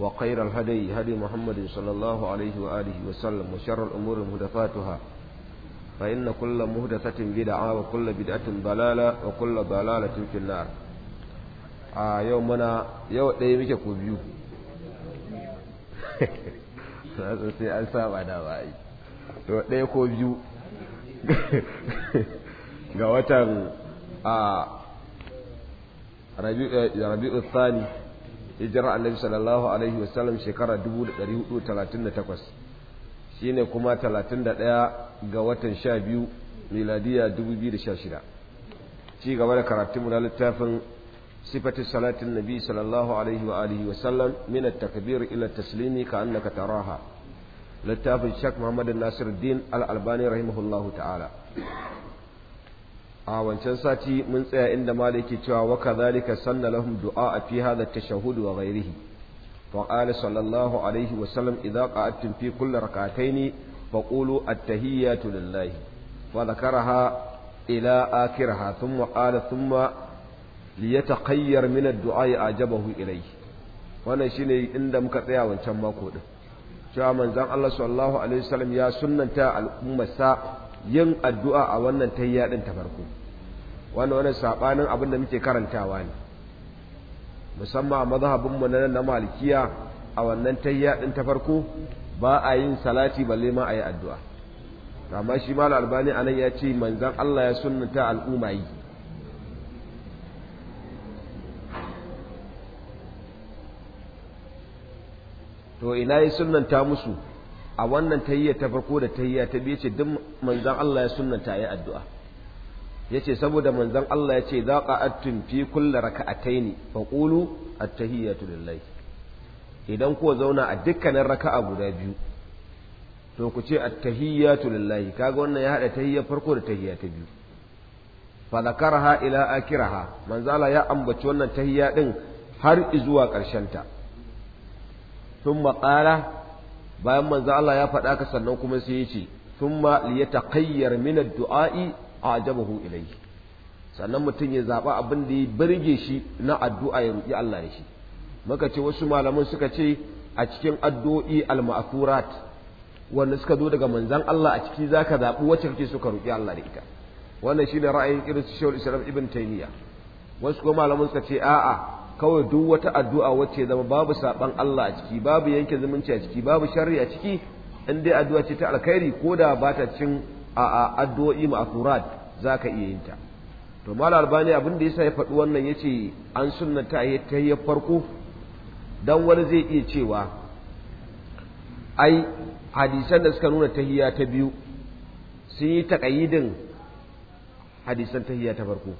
وخير الهدي هدي محمد صلى الله عليه وآله وسلم وشر الأمور مهدفاتها فإن كل مهدفة بدعة وكل بدعة ضلالة وكل ضلالة في النار a yau mana yau ɗaya muke ko biyu sai an saba da ba yi to ɗaya ko biyu ga watan a rabi'u tsani hijira annabi sallallahu alaihi wasallam shekara 1438 shine kuma 31 ga watan 12 miladiya 2016 ci gaba da karatunmu na littafin sifatu salatin nabi sallallahu alaihi wa alihi wasallam min at-takbir ila at-taslimi ka annaka taraha littafin shak muhammad nasiruddin al-albani rahimahullahu ta'ala a wancan sati mun tsaya inda maliki cewa wa kadhalika sanna lahum du'a fi hadha at-tashahhud wa ghayrihi fa qala sallallahu alaihi wa sallam idza qa'adtum fi kulli rak'atayn fa qulu at-tahiyyatu lillahi wa dhakaraha ila akhirha thumma qala thumma liyataqayyar min ad-du'a ajabahu ilayhi wannan shine inda muka tsaya wancan mako din cewa manzon Allah sallallahu alaihi wasallam ya sunnanta al'ummarsa yin addu'a a wannan tayya yaɗin ta farko wannan wani sabanin abin da muke karantawa ne musamman mazhabin mu na na malikiya a wannan tayya din ta farko ba a yin salati balle ma a yi addu'a amma shi malam albani anan ya ce manzon Allah ya sunnata al'umma yi to ina yi sunnanta musu a wannan tahiyya ta farko da tahiyya ta biye ce duk manzon Allah ya sunnata yi addu'a yace saboda manzon Allah yace za qa'attum fi kulli raka'ataini fa qulu at-tahiyatu lillahi idan ku zauna a dukkanin raka'a guda biyu to ku ce at-tahiyatu lillahi kaga wannan ya hada tahiyyar farko da tahiyya ta biyu fa zakarha ila akiraha manzon Allah ya ambaci wannan tahiyya din har zuwa karshen ta thumma qala bayan manzon Allah ya faɗa ka sannan kuma sai yace ce thumma liyataqayyar min ad-du'a'i ajabahu ilayhi sannan mutum ya zaba abin da ya birge shi na addu'a ya ruki Allah da shi muka ce wasu malaman suka ce a cikin addu'o'i al-ma'thurat wanda suka zo daga manzon Allah a ciki zaka zabi wacce kake suka ruki Allah da ita wannan shine ra'ayin irin su Shaykhul Islam Ibn Taymiyyah wasu kuma malaman suka ce a'a kawai duk wata addu'a wacce zama babu saban Allah a ciki babu yanke zumunci a ciki babu shari'a a ciki in dai addu'a ce ta alkhairi ko da ba ta cin a addu'o'i za zaka iya yinta. to mal albani abin da yasa ya faɗi wannan ce an sunnata a tahiyyar farko dan wani zai iya cewa ai hadisan da suka nuna tahiyya ta biyu sun yi taƙayidin hadisan tahiyya ta farko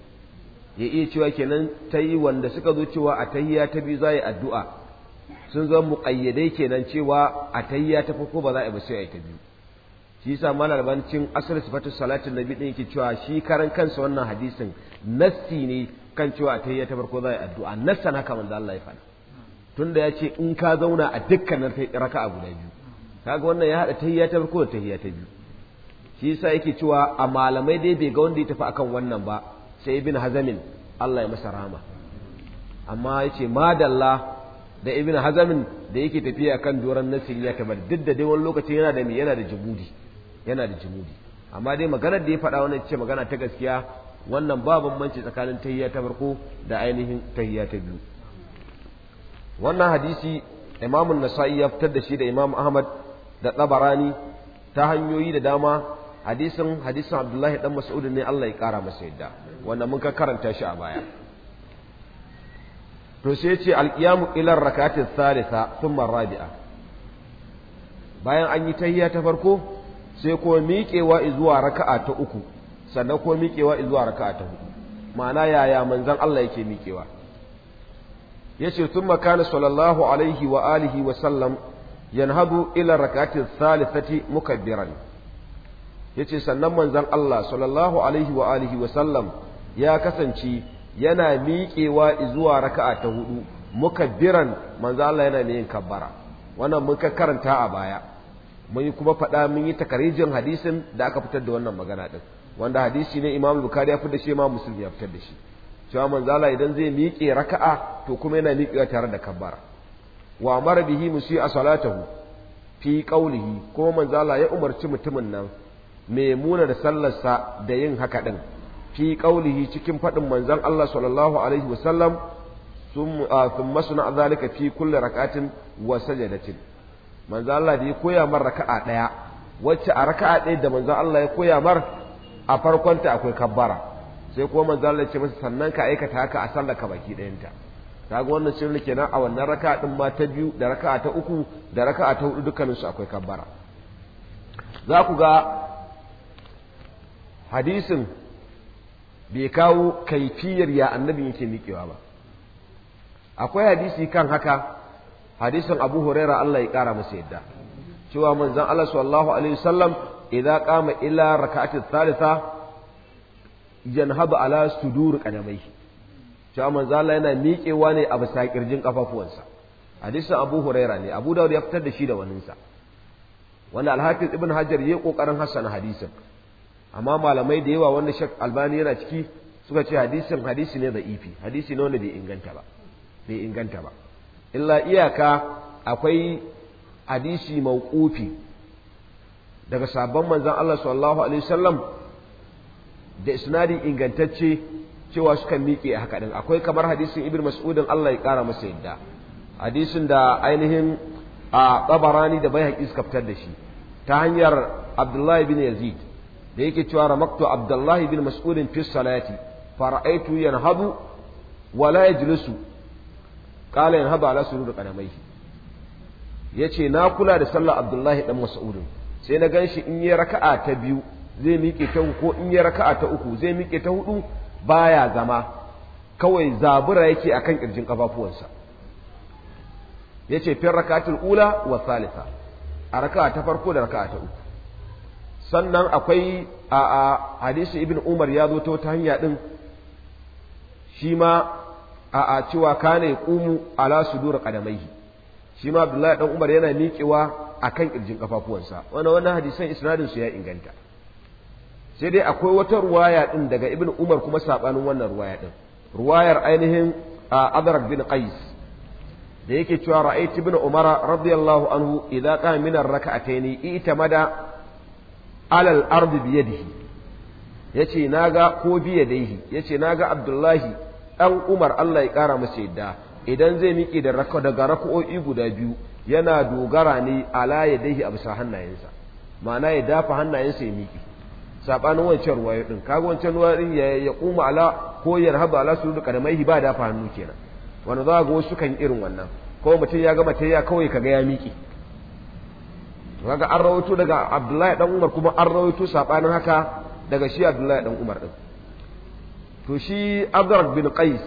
ya iya cewa kenan ta yi wanda suka zo cewa a tahiyya ta biyu za a yi addu'a sun zo muƙayyadai kenan cewa a tahiyya ta farko ba za a yi ba sai a yi ta biyu shi yasa malar cin asal sifatu salatin nabi din yake cewa shi karan kansa wannan hadisin nassi ne kan cewa ta ta farko za a yi addu'a nassan haka manzo Allah ya faɗa tunda ya ce in ka zauna a dukkanin raka'a guda biyu kaga wannan ya hada tahiyya ta farko da tahiyya ta biyu shi yasa yake cewa a malamai dai bai ga wanda ya tafi akan wannan ba sai ibn hazamin Allah ya masa rahama amma yace madalla da ibn hazamin da yake tafiya kan doron nasiri ya kamar duk da dai wani lokaci yana da yana da jibudi yana da jimudi amma dai maganar da ya faɗa wannan ce magana ta gaskiya wannan ba bambanci tsakanin tahiyya ta farko da ainihin tahiyya ta biyu wannan hadisi imamun nasa'i ya fitar da shi da imam ahmad da tsabarani ta hanyoyi da dama hadisin hadisin abdullahi dan mas'ud ne Allah ya kara masa yadda wannan mun ka karanta shi a baya to sai ce alqiyamu ila rakatin thalitha thumma rabi'a bayan an yi tahiyya ta farko sai kuma miƙewa zuwa raka'a ta uku sannan kuma miƙewa zuwa raka'a ta hudu ma'ana yaya manzon Allah yake miƙewa yace thumma kana sallallahu alaihi wa alihi wa sallam yanhadu ila rak'atin salisati mukabbiran yace sannan manzon Allah sallallahu alaihi wa alihi wa sallam ya kasance yana miƙewa zuwa raka'a ta hudu mukabbiran manzon Allah yana yin kabbara wannan mun ka karanta a baya mun yi kuma faɗa mun yi takarijin hadisin da aka fitar da wannan magana ɗin. wanda hadisi ne Imam Bukhari ya fi da shi Imam Muslim ya fitar da shi cewa manzala idan zai miƙe raka'a to kuma yana miƙewa tare da kabbara wa amara bihi musi a salatahu fi qawlihi kuma manzala ya umarci mutumin nan mai muna da sallarsa da yin haka din fi qawlihi cikin faɗin manzon Allah sallallahu alaihi wasallam ثم ثم صنع ذلك في كل ركعة وسجدة manzo Allah da ya koya mar raka'a daya wacce a raka'a daya da manzo Allah ya koya mar a farkon ta akwai kabbara sai kuma manzo Allah ya ce masa sannan ka aikata haka a sallar ka baki dayan ta kaga wannan sirri kenan a wannan raka'a din ma ta biyu da raka'a ta uku da raka'a ta hudu dukkanin su akwai kabbara za ku ga hadisin bai kawo kaifiyar ya annabi yake miƙewa ba akwai hadisi kan haka hadisin Abu Huraira Allah ya kara masa yadda cewa manzon Allah sallallahu alaihi wasallam idza qama ila rak'ati thalitha janhaba ala sudur qadamaihi cewa manzon Allah yana miƙewa ne a bisa kirjin kafafuwansa hadisin Abu Huraira ne Abu Dawud ya fitar da shi da waninsa wanda Al-Hafiz Ibn Hajar yayi kokarin hassana hadisin amma malamai da yawa wanda Sheikh Albani yana ciki suka ce hadisin hadisi ne da ifi hadisi ne wanda bai inganta ba bai inganta ba illa iyaka akwai hadisi mauqufi daga sabon manzon Allah sallallahu alaihi wasallam da isnadin ingantacce cewa suka miƙe haka din akwai kamar hadisin ibn mas'udin Allah ya ƙara masa yadda hadisin da ainihin a tabarani da bai haƙi suka fitar da shi ta hanyar abdullahi bin yazid da yake cewa ramaktu abdullahi bin mas'udin fi salati fara'aitu yanhadu wala yajlisu qala in haba ala surur Ya yace na kula da sallar abdullahi dan mas'ud sai na gan shi in yi raka'a ta biyu zai miƙe ta ko in yi raka'a ta uku zai miƙe ta hudu baya zama kawai zabura yake akan kirjin kafafuwansa yace fi rakatun ula wa thalitha a raka'a ta farko da raka'a ta uku sannan akwai a hadisi ibn umar ya zo ta hanya din shi ma a'a cewa kana yaqumu ala dura qadamaihi shi ma Abdullahi ɗan Umar yana miƙewa a akan kirjin ƙafafuwansa wani wannan hadisan isnadin su ya inganta sai dai akwai wata ruwaya ɗin daga Ibn Umar kuma saɓanin wannan ruwaya ɗin. ruwayar ainihin a Adrak bin Qais da yake cewa ra'aytu bin Umar radiyallahu anhu idza qama min ar-rak'atayn itamada ala al-ardi bi yadihi yace naga ko bi yadihi yace naga Abdullahi ɗan umar Allah ya ƙara masa yadda idan zai miƙe da daga rako'o'i guda biyu yana dogara ne ala ya dahi a bisa hannayensa ma'ana ya dafa hannayensa ya miƙe saɓanin wancan ya ɗin kaga wancan ruwa ɗin ya kuma ala ko ya rahaba ala su duka da maihi ba dafa hannu kenan wani za ga wasu kan irin wannan ko mutum ya gama tayya kawai ga ya miƙe kaga an rawaito daga abdullahi ɗan umar kuma an rawaito saɓanin haka daga shi abdullahi ɗan umar ɗin to shi abdurrak bin qais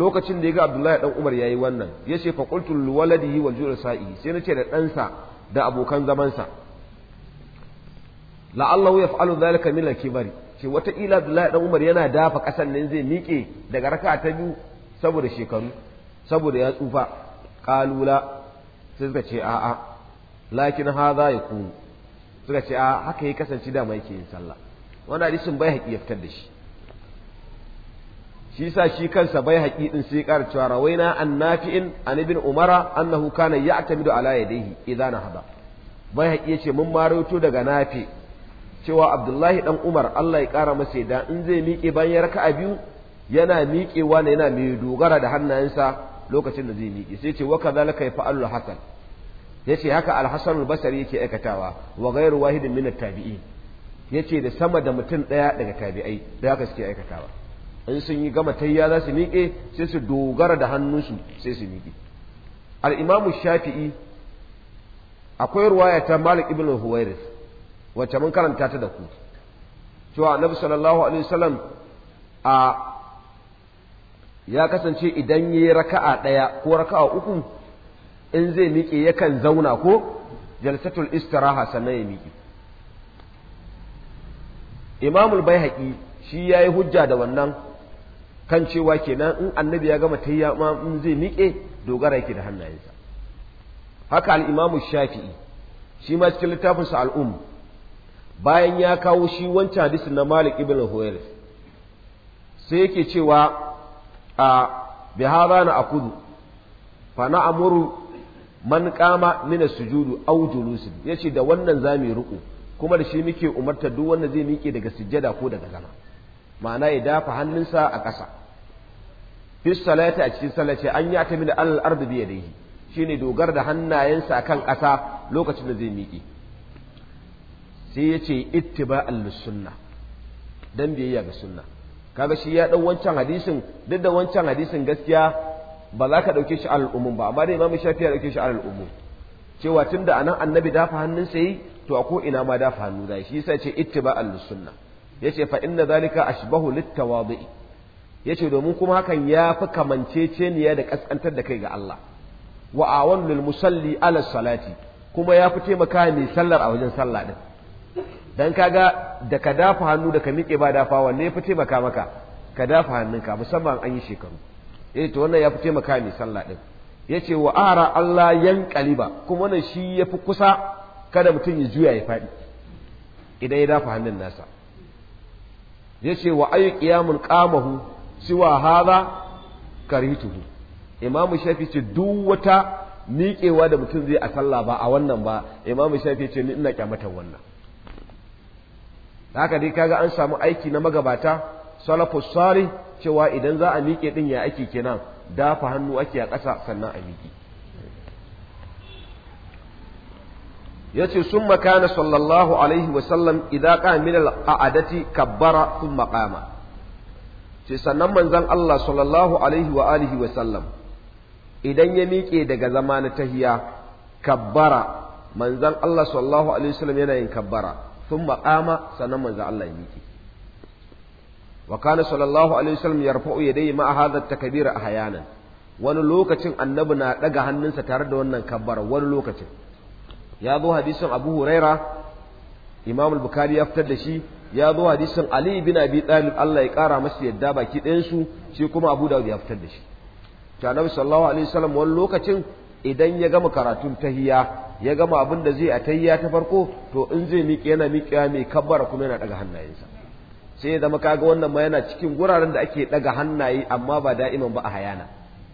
lokacin da ya ga abdullahi dan umar yayi wannan ya ce faqultu liwaladihi wal jura sai sai nace da ɗansa da abokan zamansa la'allahu yaf'alu dhalika min al-kibari ce wata ila abdullahi dan umar yana dafa kasan nan zai miƙe daga raka ta biyu saboda shekaru saboda ya tsufa kalula sai suka ce a'a lakin hadha yakunu suka ce a haka ya kasance da mai yake yin sallah wannan hadisin bai haƙi ya da shi shi sa shi kansa bai haƙi din sai ƙara cewa rawaina an nafi'in an ibn umara annahu kana ya'tamidu ala yadayhi idan hada bai haƙi ce mun ma daga nafi cewa abdullahi dan umar Allah ya ƙara masa da in zai miƙe bayan ya raka'a biyu yana miƙewa ne yana mai dogara da hannayensa lokacin da zai miƙe sai ce wa kadhalika yafa'alu hasan yace haka al-hasan al-basri yake aikatawa wa ghayru wahidin min at-tabi'in yace da sama da mutum daya daga tabi'ai da haka suke aikatawa in sun yi gama tayya za su miƙe sai su dogara da hannunsu sai su miƙe al'imamu shafi'i akwai ruwaya ta malik ibn huwairis wacce mun karanta ta da ku cewa annabi sallallahu alaihi wasallam a ya kasance idan ya yi raka'a ɗaya ko raka'a uku in zai miƙe yakan zauna ko jalsatul istiraha sannan ya miƙe imamul bai shi ya yi hujja da wannan kan cewa kenan in annabi ya gama tayya ma in zai miƙe dogara yake da hannayensa haka al'imamu shafi'i shi ma cikin littafinsa al'um bayan ya kawo shi wancan hadisin na malik ibn huwairis sai yake cewa a bihara na akudu fa na amuru man kama mina sujudu au julusin ce da wannan za yi ruku kuma da shi muke umarta duk wanda zai miƙe daga sujjada ko daga zama ma'ana ya dafa hannunsa a ƙasa fi salati a cikin sallah ce an ta min alal da bi yadihi shine dogar da hannayensa kan ƙasa lokacin da zai miƙe sai ya ce ittiba'al sunna dan biyayya ga sunna kaga shi ya dan wancan hadisin duk da wancan hadisin gaskiya ba za ka dauke shi alal umum ba amma dai imamu shafi ya dauke shi alal umum cewa tunda anan annabi dafa hannunsa yi to a ko ina ma dafa hannu zai shi yasa ce ittiba'al sunna yace fa inna zalika ashbahu littawadi yace domin kuma hakan ya fi kamanceceniya da kaskantar da kai ga Allah wa awanu lil musalli ala salati kuma ya fi taimaka mai sallar a wajen sallah din dan kaga da ka dafa hannu da ka miƙe ba dafa wanne ya fi taimaka maka ka dafa hannunka musamman an yi shekaru eh to wannan ya fi taimaka mai sallah din yace wa Allah yan kaliba kuma wannan shi ya fi kusa kada mutum ya juya ya faɗi idan ya dafa hannun nasa yace wa ayi qiyamun qamahu siwa hadha karituhu imamu shafi ce duk wata miƙewa da mutum zai a sallah ba a wannan ba imamu shafi ce ni ina kyamatan wannan haka dai kaga an samu aiki na magabata salafu sari cewa idan za a miƙe din ya ake kenan dafa hannu ake a ƙasa sannan a miƙe yace sun makana sallallahu alaihi wasallam idza qama min al'adati kabbara sun qama ce sannan manzan Allah sallallahu alaihi wa alihi wasallam idan ya miƙe daga zama na tahiya kabbara manzan Allah sallallahu alaihi wasallam yana yin kabbara sun qama sannan manzan Allah ya miƙe wa kana sallallahu alaihi wasallam yarfa'u yadayhi ma'a hadha at-takbir ahyanan wani lokacin annabi na daga hannunsa tare da wannan kabbara wani lokacin ya zo hadisin abu huraira imam al-bukhari ya fitar da shi ya zo hadisin ali bin abi talib Allah ya kara masa yadda baki ɗayan su shi kuma abu dawud ya fitar da shi ta nabi sallallahu alaihi wasallam wani lokacin idan ya gama karatun tahiyya ya gama abin da zai a tahiyya ta farko to in zai miƙe yana miƙewa mai kabbara kuma yana daga hannayensa sai ya zama kaga wannan ma yana cikin guraren da ake daga hannaye amma ba da'iman ba a hayana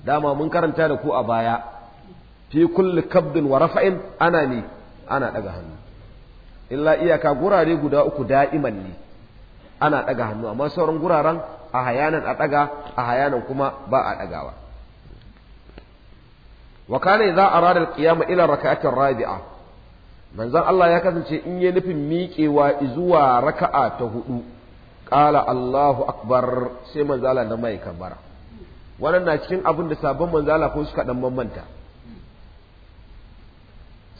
dama mun karanta da ku a baya fi kulli kabdin wa rafa'in ana ne ana ɗaga hannu illa iyaka gurare guda uku da'iman ne ana ɗaga hannu amma sauran guraren a hayanan a ɗaga a hayanan kuma ba a ɗagawa wa kana idza arada al-qiyama ila raka'atin rabi'a manzon Allah ya kasance in ya nufin miƙewa zuwa raka'a ta hudu qala Allahu akbar sai manzala na mai kabara wannan na cikin abin da sabon manzala ko suka dan mamanta.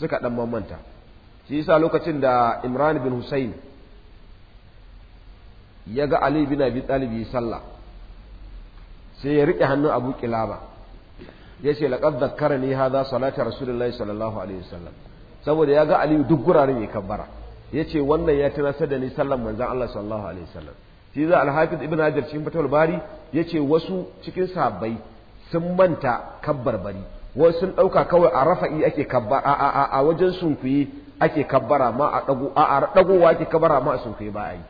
suka ɗan mamanta shi yasa lokacin da imran bin husayn ya ga ali bin abi talib yi sallah sai ya riƙe hannu abu kilaba ya ce laqad zakkarani hadha salatu rasulullahi sallallahu alaihi wasallam saboda ya ga ali duk guraren ya kabbara ya ce wannan ya tunasar da ni sallan manzon Allah sallallahu alaihi wasallam shi za alhafiz ibn hajar cikin fatul bari ya ce wasu cikin sahabbai sun manta kabbar bari wasu sun ɗauka kawai a rafa'i ake kabbara a a a wajen sunkuyi ake kabbara ma a ɗago a a ɗagowa ake kabbara ma a sunkuyi ba a yi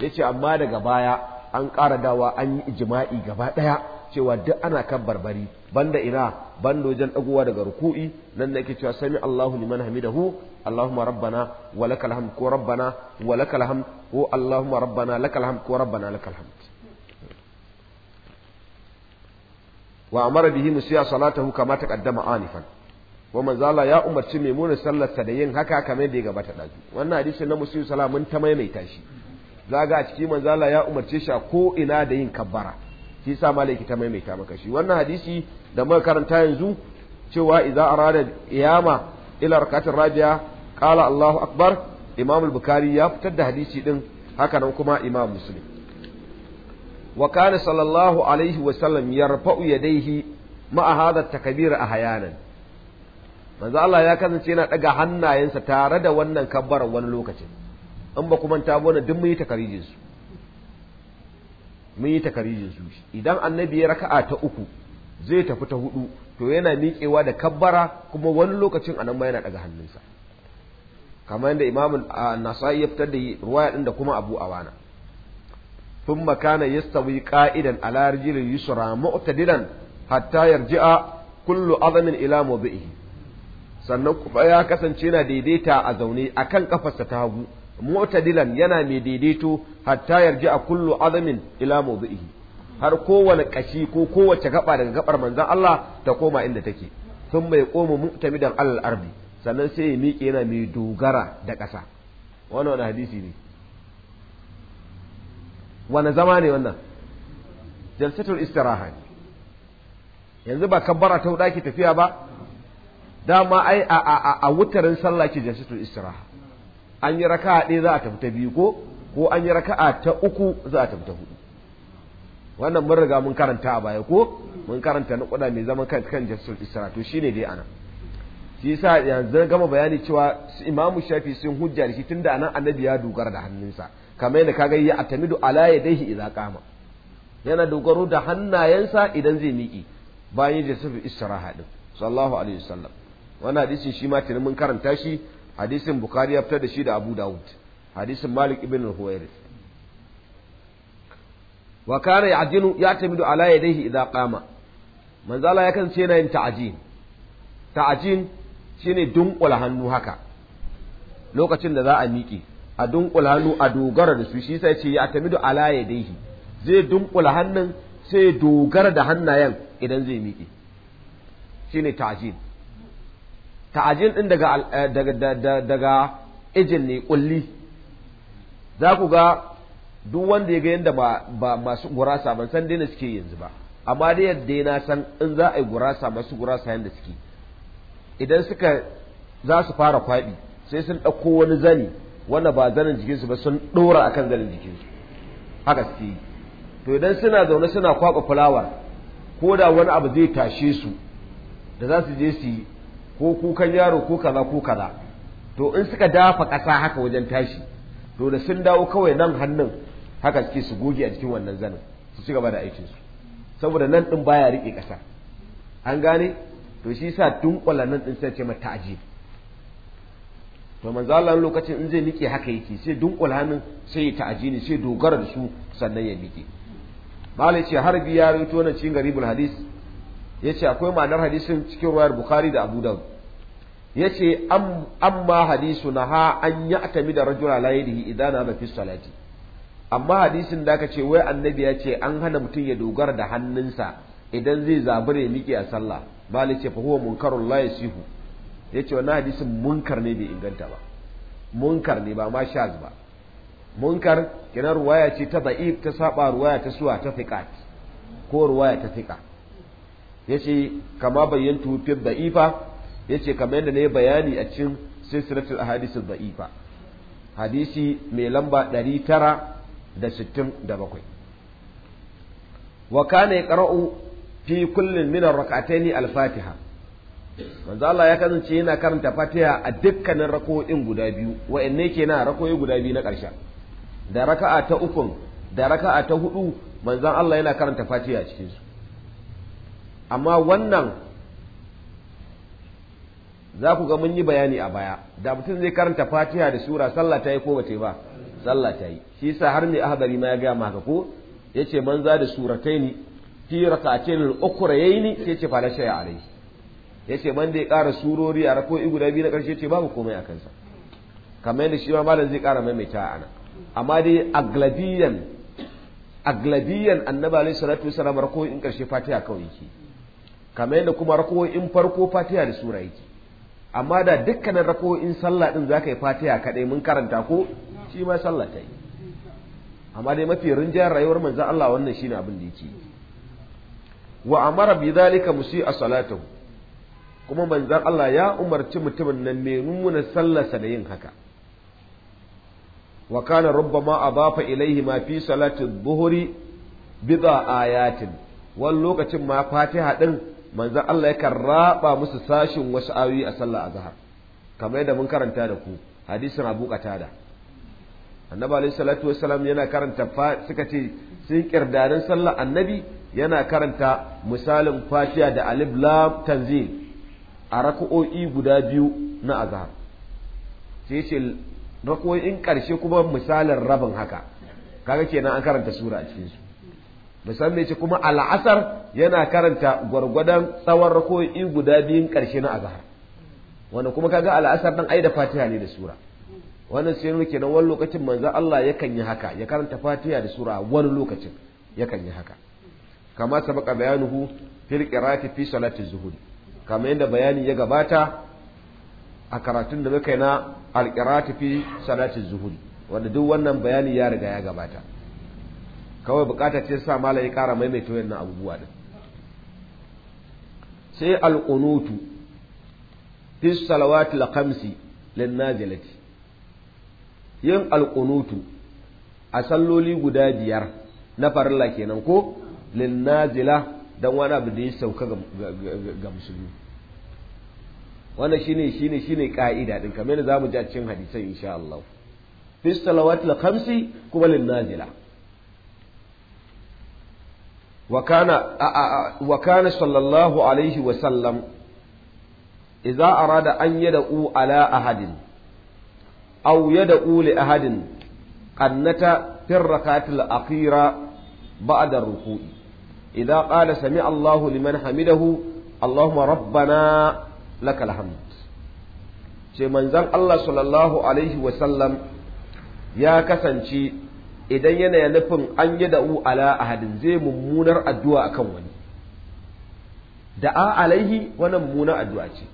yace amma daga baya an ƙara dawa an yi ijma'i gaba ɗaya cewa duk ana kan barbari banda ina banda wajen ɗagowa daga ruku'i nan nake cewa sami Allahu liman hamidahu Allahumma rabbana wa lakal hamd ko rabbana wa lakal hamd ko Allahumma rabbana lakal hamd ko rabbana lakal hamd wa amara bihi musiya salatahu kama taqaddama anifan wa manzala ya umarci maimunin sallarsa da yin haka kamar da ya gabata dazu wannan hadisi na musiyu mun ta maimaita shi zaga a cikin manzala ya umarci shi a ko ina da yin kabbara shi sa malaki ta maimaita maka shi wannan hadisi da muka karanta yanzu cewa idza arada iyama ila rakatin rabi'a qala Allahu akbar Imam al-Bukhari ya fitar da hadisi din haka nan kuma Imam Muslim wa kana sallallahu alaihi wa sallam yarfa'u yadayhi ma'a hadha takbir ahyanan manzo Allah ya kasance yana daga hannayensa tare da wannan kabbara wani lokacin in ba kuma ta bona duk mun yi takarijin su mun yi takarijin su idan annabi ya raka'a ta uku zai tafi ta hudu to yana miƙewa da kabbara kuma wani lokacin anan ma yana daga hannunsa kamar yadda Imam Nasa'i ya fitar da ruwaya din da kuma Abu Awana thumma kana yastawi qa'idan ala rijlil yusra mu'tadilan hatta yarji'a kullu adhanin ila mawdi'ihi sannan kuma ya kasance yana daidaita a zaune a kan kafarsa ta hagu mu'tadilan yana mai daidaito hatta yarji'a kullu adhanin ila mawdi'ihi har kowane kashi ko kowace gaba daga gabar manzon Allah ta koma inda take thumma yaqumu mu'tamidan alal ardi sannan sai ya miƙe yana mai dogara da ƙasa wannan hadisi ne wani zama ne wannan jalsatul istiraha ne yanzu ba kabbara ta huda ke tafiya ba dama ai a a a wutarin sallah ke jalsatul istiraha an yi raka'a ɗaya za a tafi ta biyu ko ko an yi raka'a ta uku za a tafi ta hudu wannan mun riga mun karanta a baya ko mun karanta na kuɗa mai zaman kan kan jalsatul istiraha to shine dai anan shi yasa yanzu gama bayani cewa imamu shafi sun hujja da shi tunda anan annabi ya dogara da hannunsa kamar yadda kaga ya atamidu ala yadayhi idza qama yana dogaro da hannayensa idan zai miƙi bayan yaje sufi istiraha din sallallahu alaihi wasallam wannan hadisin shi ma tuni mun karanta shi hadisin bukhari ya fitar da shi da abu daud hadisin malik ibn al huwairis wa kana ya'jinu ya'tamidu ala yadayhi idza qama manzala ya kance yana yin ta'jin ta'jin shine dunkul hannu haka lokacin da za a miƙe a dunkula hannu a dogara da su shi sai ce ya tamidu ala yadayhi zai dunkula hannun sai dogara da hannayen idan zai miƙe Shi ne ta'ajin ta'ajin ɗin daga eh, daga ijin ne kulli za ku ga duk wanda ya ga yadda ba masu gurasa ban san daina suke yanzu ba amma dai yadda na san in za a yi gurasa masu gurasa yadda suke idan suka za su fara kwaɗi sai sun ɗauko wani zani wanda ba zanen jikinsu ba sun ɗora akan zanen jikinsu haka su yi to idan suna zaune suna kwaɓa fulawar ko da wani abu zai tashe su da za su je su yi ko kukan yaro ko kaza ko kaza to in suka dafa ƙasa haka wajen tashi to da sun dawo kawai nan hannun haka suke su goge a jikin wannan zanen su ci gaba da aikinsu saboda nan ɗin baya riƙe ƙasa an gane to shi sa dunƙwala nan ɗin sai ce mata ajiye to manzo Allah lokacin in zai miƙe haka yake sai dunkul hannun sai ya ne sai dogara da su sannan ya miƙe malai ce har biya rawaito wannan cikin garibul hadis yace akwai ma'anar hadisin cikin ruwayar bukhari da abu daud yace amma hadisu na ha an ya atami da rajula la yadihi idan ana fi salati amma hadisin da aka ce wai annabi ya ce an hana mutum ya dogara da hannunsa idan zai zabure miƙe a sallah malai ce fa huwa munkarul la ya ce wannan hadisin munkar ne bai inganta ba munkar ne ba ma shaz ba munkar kina ruwaya ce ta da'if ta saba ruwaya ta suwa ta fiqat ko ruwaya ta fiqa yace kama bayyantu fi da'ifa yace kama yadda ne bayani a cikin silsilatul ahadith da'ifa hadisi mai lamba 967 wa kana yaqra'u fi kullin min ar ne al-fatiha manzo Allah ya kasance yana karanta Fatiha a dukkanin rako'in guda biyu wa'anne kenan rako'i guda biyu na ƙarshen da raka'a ta ukun da raka'a ta hudu manzon Allah yana karanta Fatiha a cikin amma wannan za ku ga mun yi bayani a baya da mutum zai karanta Fatiha da sura sallah ta yi ko bace ba sallah ta yi shi sa har mai ahadari ma ya gaya maka ko yace manza da surataini fi raka'atayn al-ukhra yayi ni sai ce fa la shay'a alayhi yace ban da ya ƙara surori a rako'i guda biyu na ƙarshe ce babu komai a kansa kamar yadda shi ma malam zai ƙara maimaita a ana amma dai aglabiyan aglabiyan annabi alaihi salatu wasalam in ƙarshe fatiha kawai yake kamar yadda kuma in farko fatiha da sura yake amma da dukkanin in sallah din zaka yi fatiha kadai mun karanta ko shi ma sallah ta yi amma dai mafi rinjayen rayuwar manzon Allah wannan shine abin da yake wa amara bi dhalika musi salatahu kuma manzan Allah ya umarci mutumin nan mai nuna sallasa da yin haka wa kana a bafa ilaihi ma fi salati dhuhri bid'a ayatin wani lokacin ma fatiha din manzan Allah yakan raba musu sashin wasu ayoyi a a zahar. kamar yadda mun karanta da ku hadisin Abu Qatada annabi alaihi salatu wassalam yana karanta suka ce sun kirdarin sallar annabi yana karanta misalin fatiha da alif lam tanzil a raka'o'i guda biyu na azhar sai ce raka'o'in ƙarshe kuma misalin rabin haka kaga kenan an karanta sura a cikin su musamman ce kuma al'asar yana karanta gwargwadon tsawon raka'o'i guda biyun ƙarshe na azhar wanda kuma kaga al'asar dan ai da fatiha ne da sura wannan sai nuna kenan wani lokacin manzo Allah yakan yi haka ya karanta fatiha da sura wani lokacin yakan yi haka kama sabaka bayanuhu fil qira'ati fi salati zuhuri kamar yadda bayani ya gabata a karatun da muka yi na ta fi salatin zuhuri wanda duk wannan bayani ya riga ya gabata kawai bukata ce sa malam ya ƙara maimaita wannan abubuwa din sai alƙunutu fi salawati la khamsi lin nazilati yin alƙunutu a salloli guda biyar na farilla kenan ko lin nazila dan wani abu da ya sauka ga musulmi wannan shine shine shine ka'ida din kamar yadda zamu ji a cikin hadisan insha Allah fi salawat al khamsi kuma lin nazila wa kana wa kana sallallahu alaihi wa sallam idza arada an yad'u ala ahadin aw yad'u li ahadin qannata fi ar-rak'ati al-akhira ba'da ar-ruku'i idza qala sami Allah liman hamidahu اللهم ربنا lakal hamd ce manzon Allah sallallahu alaihi wasallam ya kasance idan yana nufin an yi da'u ala ahadin zai mummunar addu'a akan wani da'a alaihi wani mummunar addu'a ce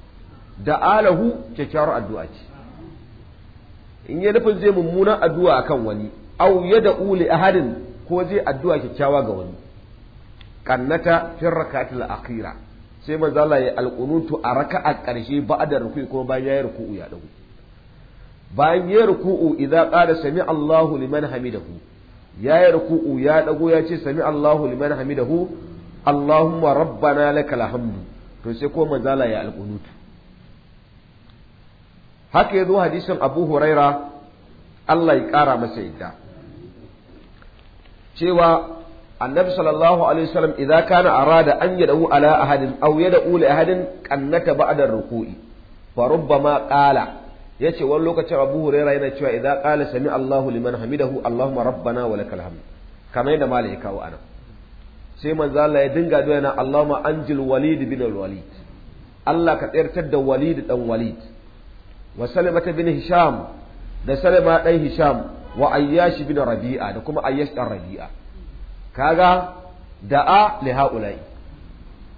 da'a lahu kyakkyawar addu'a ce in yi nufin zai mummunar addu'a akan wani au ya da'u li ahadin ko zai addu'a kyakkyawa ga wani kannata fi rakatil akhirah sai manzo Allah ya alqunutu a raka'a karshe da ruku'i kuma bayan yayi ruku'u ya dago bayan yayi ruku'u idza qala sami Allahu liman hamidahu yayi ruku'u ya dago ya ce sami Allahu liman hamidahu Allahumma rabbana lakal hamdu to sai ko manzo Allah ya alqunutu haka yazo hadisin Abu Huraira Allah ya kara masa yadda cewa annabi sallallahu alaihi wasallam idza kana arada an yad'u ala ahadin aw yad'u li ahadin qannata ba'da ruku'i fa rubbama qala yace wani lokacin Abu Huraira yana cewa idza qala sami Allahu liman hamidahu Allahumma rabbana wa lakal hamd kamar yadda kawo ana. sai manzo Allah ya dinga doya na Allahumma anjil walid bin walid Allah ka tsirtar da walid dan walid wa salimata bin hisham da salima dan hisham wa ayyash bin rabi'a da kuma ayyash dan rabi'a kaga da'a li haula'i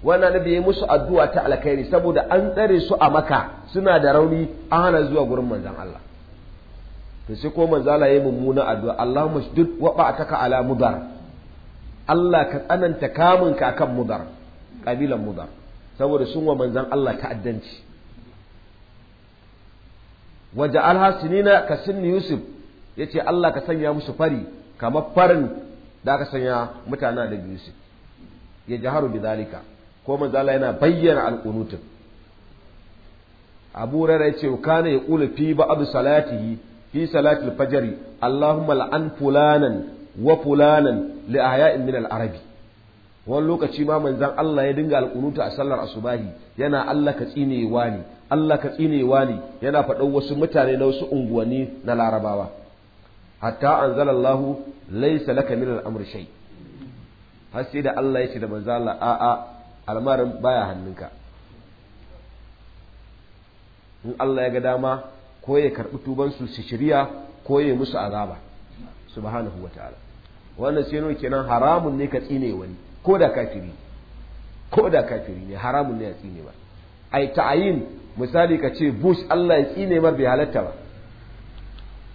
wanda ya yi musu addu'a ta alkhairi saboda an tsare su a maka suna da rauni an hana zuwa gurin manzon Allah to sai ko manzo Allah yayi mummuna addu'a Allahumma shdud wa ba'ataka ala mudar Allah ka tsananta kamun ka akan mudar kabilan mudar saboda sun wa manzon Allah ta'addanci waje sinina ka sinni yusuf ya ce allah ka sanya musu fari kamar farin da aka sanya mutanen biyu su ya jaharu bi zalika ko manzala yana bayyana alqunutin Abu Hurairah yace kana yaqulu fi abu salatihi fi salati al-fajr Allahumma la'an fulanan wa fulanan li ahya'in min al wani lokaci ma manzan Allah ya dinga alƙunuta a sallar asubahi yana Allah ka tsinewa ne Allah ka tsinewa ne yana faɗo wasu mutane na wasu unguwanni na larabawa hatta anzalallahu laisa laka min al'amr shay har sai da Allah ya ce da manzo Allah a a almarin baya hannunka in Allah ya ga dama ko ya karɓi tuban su su shirya ko ya musu azaba subhanahu wataala wannan sai no kenan haramun ne ka tsine wani ko da kafiri ko da kafiri ne haramun ne ya tsine ba ai ta'ayin misali ka ce bush Allah ya tsine mar bai halatta ba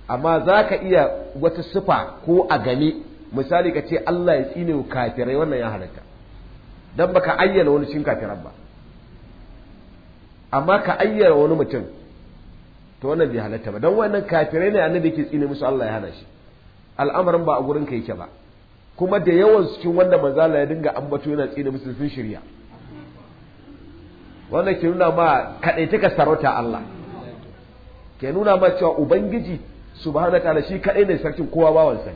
amma za ka iya wata sufa ko a game misali ka ce Allah ya tsine kafirai wannan ya halatta ba baka ayyana wani cin kafiran ba amma ka ayyana wani mutum to wannan bai halatta ba don wannan kafirai ne annabi ke tsine musu Allah ya hana shi al'amarin ba a gurin ka yake ba kuma da yawan cikin wanda manzala ya dinga ambato yana tsine musu sun shirya wannan ke nuna ma ka sarauta Allah ke nuna ma cewa ubangiji subhanahu ta'ala shi kadai ne sarkin kowa bawan sa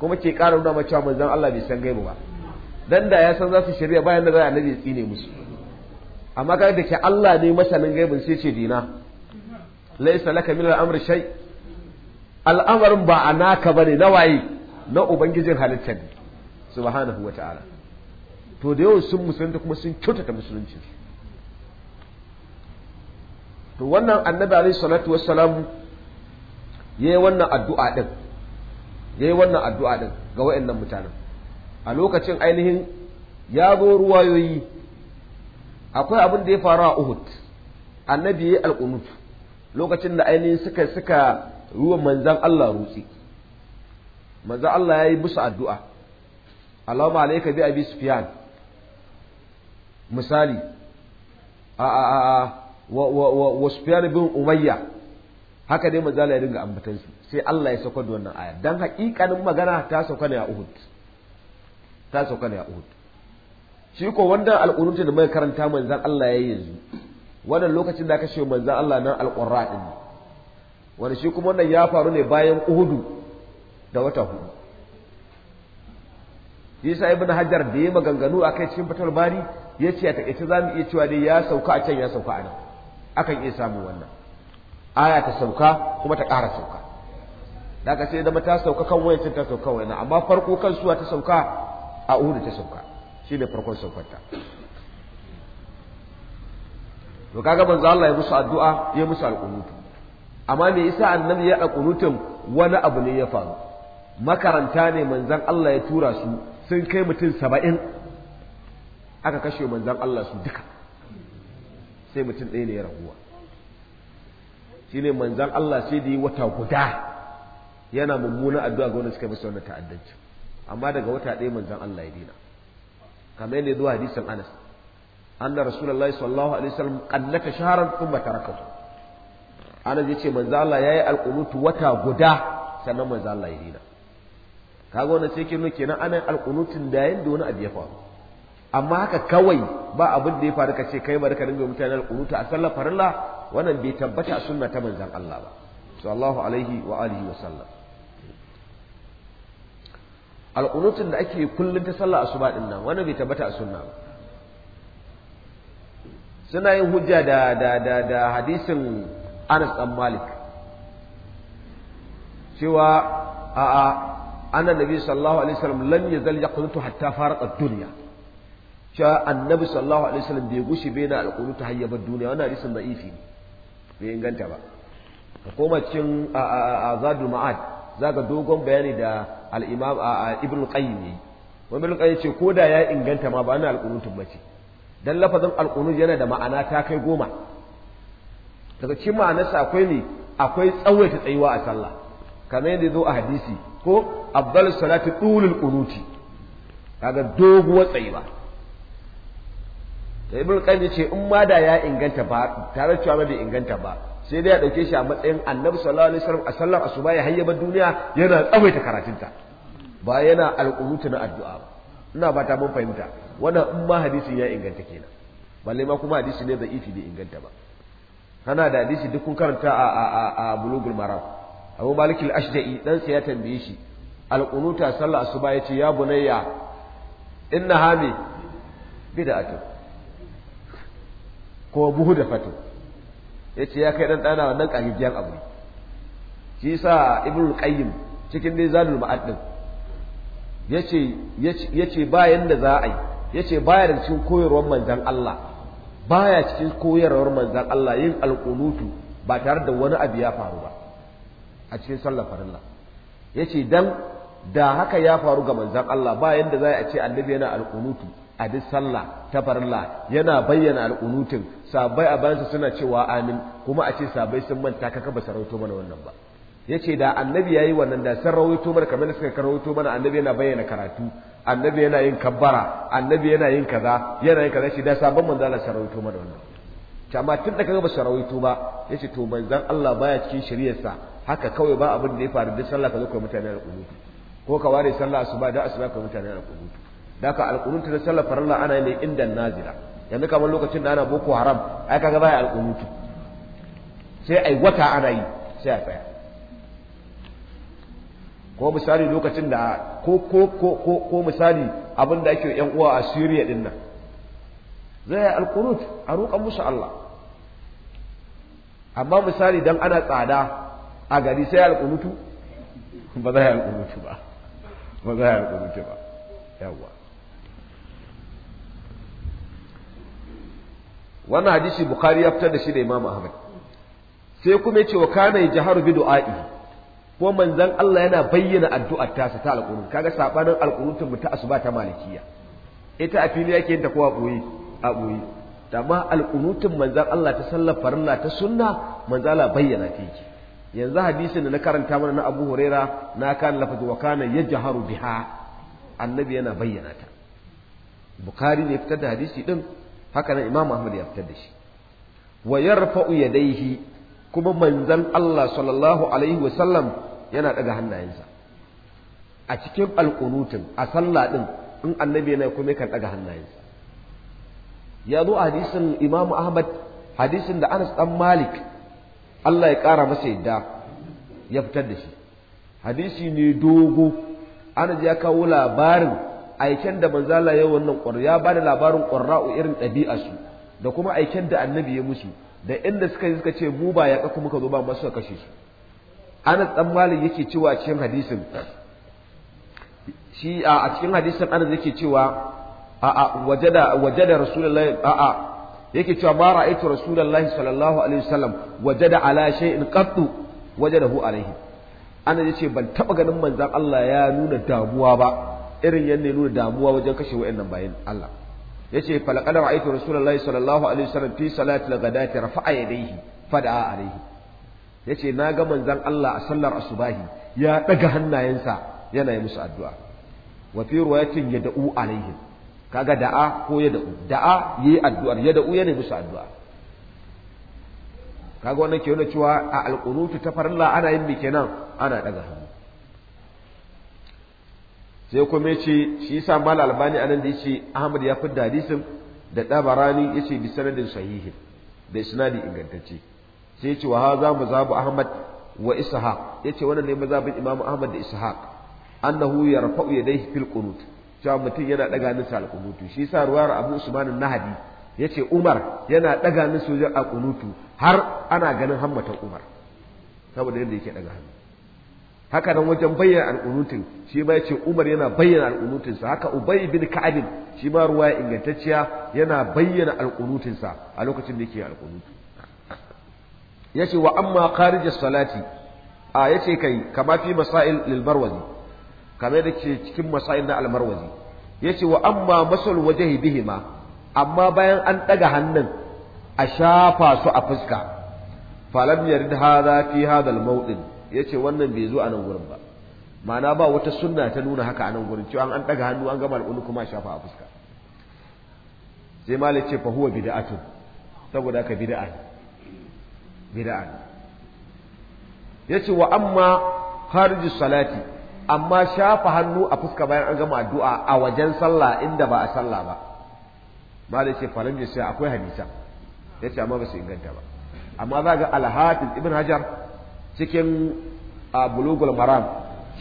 kuma ke ƙara nuna ma cewa manzon Allah bai san gaibu ba dan da ya san za su shirya bayan da za a nabi tsine musu amma kaga da ke Allah ne masanin gaibin sai ce dina laisa laka min al-amri shay al'amarin ba a naka bane na waye na ubangijin halittar subhanahu wa ta'ala to da yawan sun musulunta kuma sun kyautata musuluncin to wannan annabi alaihi salatu wassalam yayi wannan addu'a din yayi wannan addu'a din ga wayannan mutanen a lokacin ainihin ya zo ruwayoyi akwai abin da ya faru a Uhud annabi yayi alqunut lokacin da ainihin suka suka ruwa manzan Allah rutsi manzan Allah ya yi musu addu'a Allahumma alaika bi abi sufyan misali a a a wa wa wa sufyan bin umayya haka dai maza ya dinga ambatan sai Allah ya sauka da wannan aya dan haƙiƙanin magana ta sauka ne a Uhud ta sauka ne a Uhud shi ko wannan da mai karanta manzan Allah ya yanzu wannan lokacin da aka ce manzan Allah nan alƙurra din wani shi kuma wannan ya faru ne bayan Uhud da wata hudu Isa ibn Hajar da ya maganganu a cikin fitar bari ya ce a taƙaice za mu iya cewa dai ya sauka a can ya sauka a nan akan iya samun wannan aya ta sauka kuma ta ƙara sauka da ka sai zama ta sauka kan wayancin ta sauka wayana amma farko kan suwa ta sauka a uhudu ta sauka shi ne farkon saukarta to kaga manzo Allah ya musu addu'a ya musu alqunutu amma me yasa annabi ya alqunutun wani abu ne ya faru makaranta ne manzan Allah ya tura su sun kai mutum saba'in aka kashe manzan Allah su duka sai mutum ɗaya ne ya raguwa shine manzan Allah sai da yi wata guda yana mummuna addu'a ga wanda suka masa wannan ta'addanci amma daga wata ɗaya manzan Allah ya dina kamar yadda zuwa hadisin Anas rasu lallai sallallahu alaihi wasallam qallata ba tara kasu Anas ya ce manzan Allah ya yi alƙunutu wata guda sannan manzan Allah ya dina kaga wannan sai kin kenan ana alkunutun da yayin da wani abu ya faru amma haka kawai ba abin da ya faru ka ce kai da ka dinga mutane alqunutu a sallar farilla wannan bai tabbata a sunna ta manzon Allah ba sallallahu alaihi wa alihi wa sallam alqunutun da ake kullun ta sallah asuba din nan wannan bai tabbata a sunna ba suna yin hujja da da da da hadisin Anas dan Malik cewa a a anna nabi sallallahu alaihi wasallam lam yazal yaqunutu hatta faraqa dunya cewa annabi sallallahu alaihi wasallam bai gushi bai na alqunutu hayyabar duniya wannan hadisin da'ifi ne bai inganta ba ka koma cin azadu ma'ad za ka dogon bayani da al'imam a ibn qayyim yi wani ibn qayyim ce koda ya inganta ma ba na mace, tumbaci dan lafazin al'unun yana da ma'ana ta kai goma daga cikin ma'anarsa akwai ne akwai tsawaita tsayuwa a sallah kamar yadda zo a hadisi ko afdalus salati tulul qunuti kaga doguwar tsayuwa sai ibn qayyim ce in ma da ya inganta ba tare cewa ba bai inganta ba sai dai ya dauke shi a matsayin annabi sallallahu alaihi wasallam a sallar asuba ya hayyaba duniya yana tsawaita karatunta ba yana alqurutu na addu'a ba ina ba ta mun fahimta wannan in ma hadisin ya inganta kenan balle ma kuma hadisi ne da ifi bai inganta ba kana da hadisi duk kun karanta a a a bulugul maram abu malik al-ashja'i dan sai ya tambaye shi alqunuta sallar asuba yace ya bunayya inna hami bid'atun ko buhu da fatu ya ce ya kai ɗan ɗana wannan ƙagigiyar abu ne shi sa ibn qayyim cikin dai zadul ma'ad din yace yace bayan da za a yi yace da cikin koyarwar manzon Allah baya cikin koyarwar manzon Allah yin alqunutu ba tare da wani abu ya faru ba a cikin sallar farilla yace dan da haka ya faru ga manzon Allah bayan da za a ce annabi yana alqunutu a duk sallah ta farilla yana bayyana al'unutin sabai a bayansa suna cewa amin kuma a ce sabai sun manta kaka ba sarauto mana wannan ba Ya ce da annabi ya yi wannan da sun rawaito mana kamar suka karawaito mana annabi yana bayyana karatu annabi yana yin kabbara annabi yana yin kaza yana yin kaza shi da sabon manzo Allah sarauto mana wannan ta amma tun da kaga ba sarauto ba ce to manzon Allah baya cikin shari'arsa haka kawai ba abin da ya faru da sallah ka zo ka mutane da ko ka ware sallah asuba da asuba ka mutane da da ka alƙunutu da sallar farilla ana ne inda nazira yanzu kamar lokacin da ana boko haram ai kaga baya alƙunutu sai ai wata ana yi sai a tsaya ko misali lokacin da ko ko ko ko misali abin da ake yan uwa a Syria din nan zai yi alqunut a roƙan musu Allah amma misali dan ana tsada a gari sai alqunutu ba za yi alqunutu ba ba za yi alqunutu ba yawa wannan hadisi bukhari ya fitar da shi da imam ahmad sai kuma yace wa kana yajharu bi du'a'i ko manzon Allah yana bayyana addu'ar sa ta alqur'an kaga sabanin alqur'an tun ta asuba ta malikiya ita a fili yake ta ko boye a boye amma alqur'an manzon Allah ta sallar farilla ta sunna manzon Allah bayyana ta yake yanzu hadisin da na karanta mana na Abu Huraira na kan lafazu wa kana yajharu biha annabi yana bayyana ta bukhari ne fitar da hadisi din haka nan imamu ahmad ya fitar da shi wa yarfa'u yadayhi kuma manzan Allah sallallahu alaihi wa sallam yana daga hannayensa a cikin alqunutin a sallah din in annabi yana kuma kan daga hannayensa ya zo a hadisin imamu ahmad hadisin da Anas dan Malik Allah ya kara masa yadda ya fitar da shi hadisi ne dogo Anas ya kawo labarin aiken da manzala ya wannan ƙwarra ya ba da labarin ƙwarra'u irin ɗabi'arsu da kuma aiken da annabi ya musu da inda suka yi suka ce mu ba ka kuma ka zo ba masu kashe su anas dan malik yake cewa a cikin hadisin shi a cikin hadisin anas yake cewa a a wajada wajada rasulullahi a a yake cewa ma ra'aytu rasulullahi sallallahu alaihi wasallam wajada ala shay'in qattu wajadahu alaihi anas yace ban taba ganin manzon Allah ya nuna damuwa ba irin yanne nuna damuwa wajen kashe wa'annan bayan Allah yace falaqad ra'aytu rasulullahi sallallahu alaihi wasallam fi salati al-ghadati rafa'a yadayhi fada'a alaihi yace na ga manzon Allah a sallar asubahi ya daga hannayensa yana yi musu addu'a wa fi riwayatin yad'u alaihi kaga da'a ko yad'u da'a yayi addu'a yad'u yana musu addu'a kaga wannan ke nuna cewa a alqunutu ta farilla ana yin bi kenan ana daga hannu sai kuma yace shi yasa mal albani anan da yace ahmad ya fi hadisin da dabarani yace bi sanadin sahihin da isnadi ingantacce sai yace wa hadha zabu ahmad wa ishaq yace wannan ne mazabin imamu ahmad da ishaq annahu yarfa'u yadayhi fil qunut cewa mutum yana daga nisa al qunutu shi yasa ruwayar abu usman nahdi yace umar yana daga nisa wajen a qunutu har ana ganin hammatan umar saboda yadda yake daga hannu haka nan wajen bayyana al'unutin shi ma yace Umar yana bayyana al'unutin sa haka Ubay bin Ka'ab shi ma ruwaya ingantacciya yana bayyana al'unutin sa a lokacin da yake al'unutu yace wa amma kharij salati a yace kai kama fi masail lil marwazi kamar da ke cikin masail na al-marwazi yace wa amma masal wajhi bihima amma bayan an daga hannun a shafa su a fuska falam yarid hadha fi hadha al-mawdin yace wannan bai zo a nan gurin ba ma'ana ba wata sunna ta nuna haka a nan gurin cewa an daga hannu an gama alƙulu kuma shafa a fuska sai malik ce fa huwa bid'atun saboda haka bid'a bid'a yace wa amma kharijus salati amma shafa hannu a fuska bayan an gama addu'a a wajen sallah inda ba a sallah ba malik ce falam sai akwai hadisa yace amma ba su inganta ba amma za ga alhafiz ibn hajar cikin a bulugul maram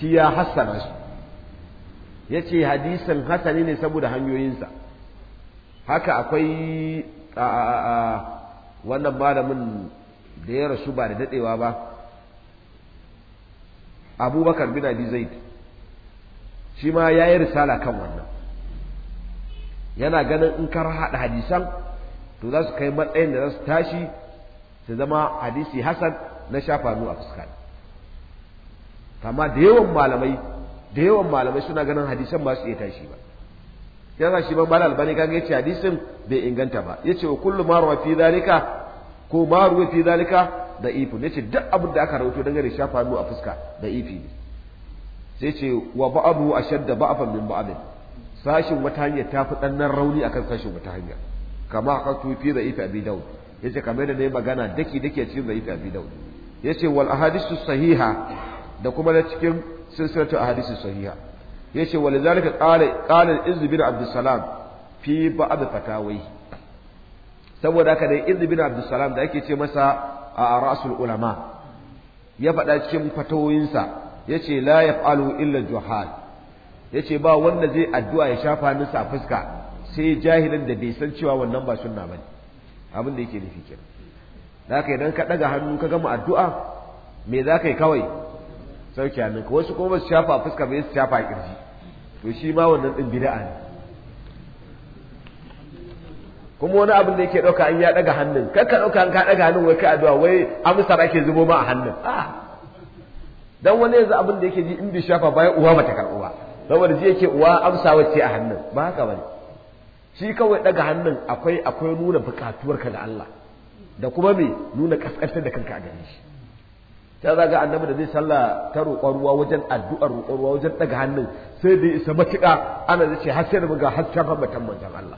shi ya hassana shi ya ce hadisin hasani ne saboda hanyoyinsa haka akwai wannan malamin da ya rasu ba da daɗewa ba abubakar bin abi zaid shi ma ya yi risala kan wannan yana ganin in ka haɗa hadisan to za su kai matsayin da za su tashi su zama hadisi hasan na shafa hannu a fuska amma da yawan malamai da yawan malamai suna ganin hadisan ba su iya tashi ba yanzu shi ban bala albani kaga yace hadisin bai inganta ba yace wa kullu ma ruwa fi zalika ko ma ruwa fi zalika da ifu yace duk abin da aka rawaito dangane shafa hannu a fuska da ifi ne sai ce wa ba'du ashadda ba'fan min ba'd sashin wata hanya ta fi ɗannan rauni akan sashin wata hanya kama a tufi da ifi abi daud yace kamar da ne magana daki daki a cikin da ifi abi daud yace wal ahadisu sahiha da kuma da cikin silsilatu ahadisu sahiha yace walidhalika qala qala al-izz fi ba'd fatawai saboda haka dai izz abdussalam da ake ce masa a rasul ulama ya faɗa cikin fatawoyinsa yace la yaf'alu illa juhal yace ba wanda zai addu'a ya shafa nisa fuska sai jahilin da bai san cewa wannan ba sunna bane abin da yake nufi kenan da haka idan ka ɗaga hannu ka gama addu'a me za ka yi kawai sauke ka wasu kuma su shafa fuska bai su shafa kirji to shi ma wannan ɗin bid'a ne kuma wani abin da yake ɗauka an ya ɗaga hannun kar ka ɗauka an ka ɗaga hannun wai ka addu'a wai amsar ake zubo ma a hannun dan wani yanzu abin da yake ji in bai shafa bayan uwa bata karɓo ba saboda ji yake uwa amsa wacce a hannun ba haka bane shi kawai ɗaga hannun akwai akwai nuna buƙatuwar ka ga Allah da kuma me nuna kaskantar da kanka a gare shi ta zaga annabi da zai sallah ta roƙon ruwa wajen addu'ar roƙon ruwa wajen ɗaga hannun sai da isa matuƙa ana zai ce har sai da muga har shafan batan Allah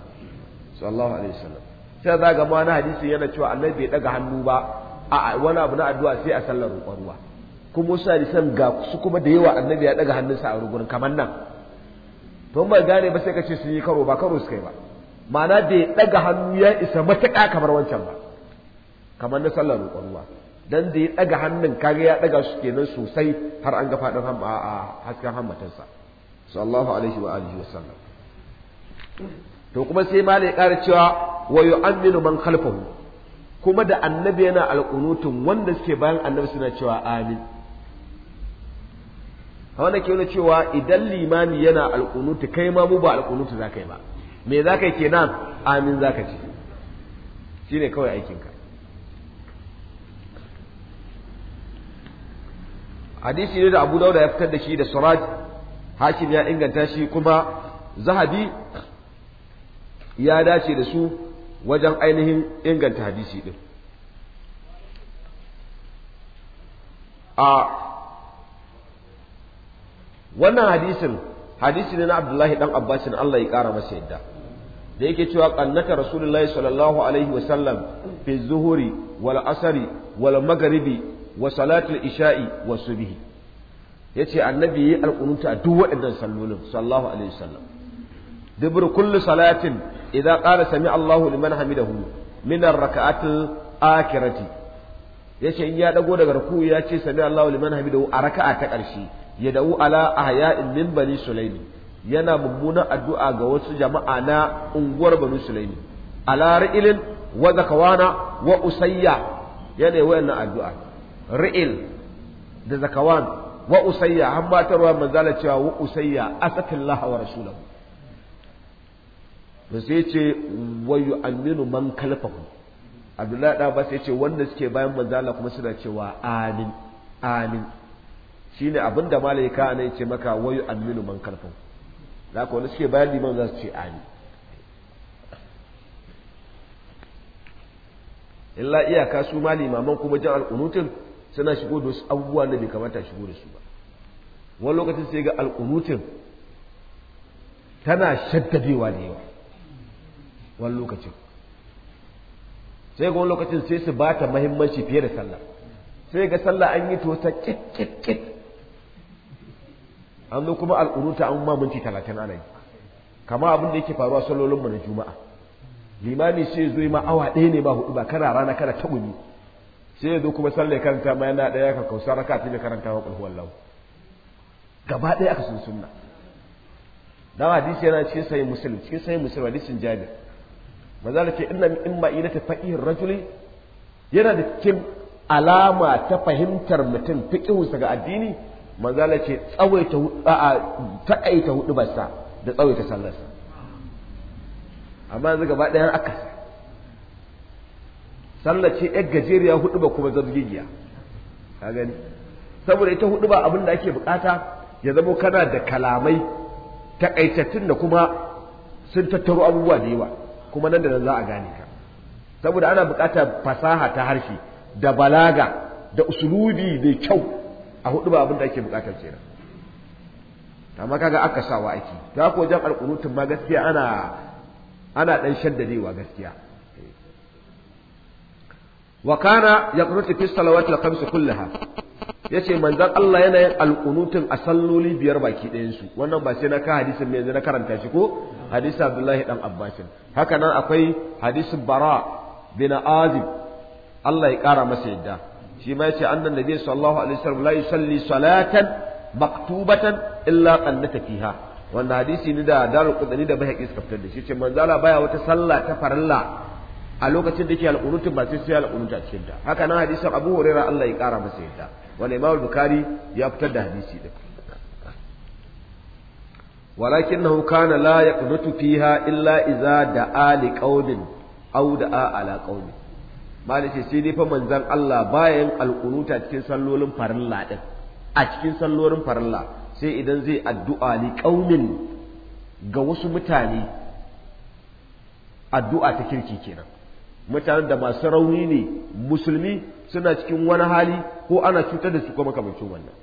sallallahu alaihi wasallam sai zaga ma na hadisi yana cewa annabi bai ɗaga hannu ba a wani abu na addu'a sai a sallar roƙon ruwa kuma wasu hadisan ga su kuma da yawa annabi ya ɗaga hannunsa a rugun kamar nan to ba gane ba sai ka ce sun yi karo ba karo su kai ba ma'ana bai ɗaga hannu ya isa matuƙa kamar wancan ba kamar na sallar roƙon ruwa dan da ya ɗaga hannun kare ya ɗaga shi kenan sosai har an ga faɗin hamma a hasken hammatarsa sallallahu alaihi wa alihi wasallam to kuma sai ma ya ƙara cewa wa yu'minu man khalfahu kuma da annabi yana alƙunutun wanda suke bayan annabi suna cewa amin wanda ke cewa idan Limani yana alƙunutu kai ma mu ba alƙunutu za ka yi ba me za ka yi kenan amin za ka ce shine kawai aikinka hadisi ne da Abu Dauda ya fitar da shi da Suraj Hakim ya inganta shi kuma Zahabi ya dace da su wajen ainihin inganta hadisi din a wannan hadisin hadisi ne na Abdullahi dan Abbasin Allah ya kara masa yadda da yake cewa kannata rasulullahi sallallahu alaihi wasallam fi zuhuri wal asari wal magharibi wa salatul isha'i wa subhi yace annabi yi alqunuta a duk waɗannan sallolin sallallahu alaihi wasallam dubur kullu salatin idza qala sami Allahu liman hamidahu min ar-rak'atil akhirati yace in ya dago daga ruku ya ce sami Allahu liman hamidahu a raka'a ta ƙarshe ya da'u ala ahya'in min bani sulaimi yana mummunan addu'a ga wasu jama'a na unguwar bani sulaimi ala ra'ilin wa zakawana wa usayya yana wayannan addu'a ri'il da zakawan wa usayya har matarwa manzala cewa wa usayya asatillaha wa rasulahu to sai ce wa yu'minu man kalfahu abdullahi da ba sai ce wanda suke bayan manzala kuma suna cewa amin amin shine abinda malaika ne ce maka wa yu'minu man kalfahu da ko suke bayan liman za su ce amin illa iyaka su ma limaman kuma jan al'unutun suna shigo da wasu abubuwa da bai kamata shigo da su ba wani lokacin sai ga alƙunutin tana shaddadewa da yawa wani lokacin sai ga wani lokacin sai su bata mahimmanci fiye da sallah sai ga sallah an yi to ta kit an zo kuma alƙunuta an ma minti talatin ana yi kama abin da yake faruwa salolinmu na juma'a limami sai zo ma awa ɗaya ne ba hudu ba kana rana kana tagumi sai yanzu kuma salle kanta ma yana ɗaya ka kausa raka ta da karanta wa kulhu wallahu gaba ɗaya aka sun sunna da hadisi yana cikin sahih musulun? cikin sahih muslim hadisin jabir manzo Allah ce inna min ta faqihir rajuli yana da cikin alama ta fahimtar mutum fiqihunsa ga addini manzo Allah ce tsawaita a takaita hudu basa da tsawaita sallarsa amma yanzu gaba ɗaya aka sallah ce yar gajeriya hudu ba kuma zabgigiya ka gani saboda ita hudu ba abin da ake bukata ya zamo kana da kalamai takaitattun da kuma sun tattaro abubuwa da yawa kuma nan da nan za a gane ka saboda ana bukatar fasaha ta harshe da balaga da usulubi mai kyau a hudu ba abin da ake bukatar kenan amma kaga aka sawa aiki ta ko wajen alƙunutun ma gaskiya ana ana dan shaddadewa gaskiya wa kana yaqnutu fi salawati al yace manzon Allah yana yin alqunutun a salloli biyar baki ɗayan su wannan ba sai na ka hadisin yanzu na karanta shi ko hadisi Abdullahi dan Abbasin haka nan akwai hadisin Bara bin Azib Allah ya kara masa yadda shi ma yace annan nabi sallallahu alaihi wasallam la yusalli salatan maktubatan illa qannata fiha wannan hadisi ne da Darul Qutni da Baihaqi suka fitar da shi ce manzala baya wata sallah ta farilla a lokacin da yake alƙunutun ba sai sai alƙunuta a cikin ta haka nan hadisin Abu Hurairah Allah ya ƙara masa yadda Wani Imam Bukhari ya fitar da hadisi din ولكنه la لا يقنط فيها illa إذا da لقوم aw da'a ala قوم malik ce sai dai fa manzon Allah bayan alqunuta cikin sallolin farilla din a cikin sallolin farilla sai idan zai addu'a li qaumin ga wasu mutane addu'a ta kirki kenan mutanen da masu rauni ne musulmi suna cikin wani hali ko ana cutar da su kuma makamancin wannan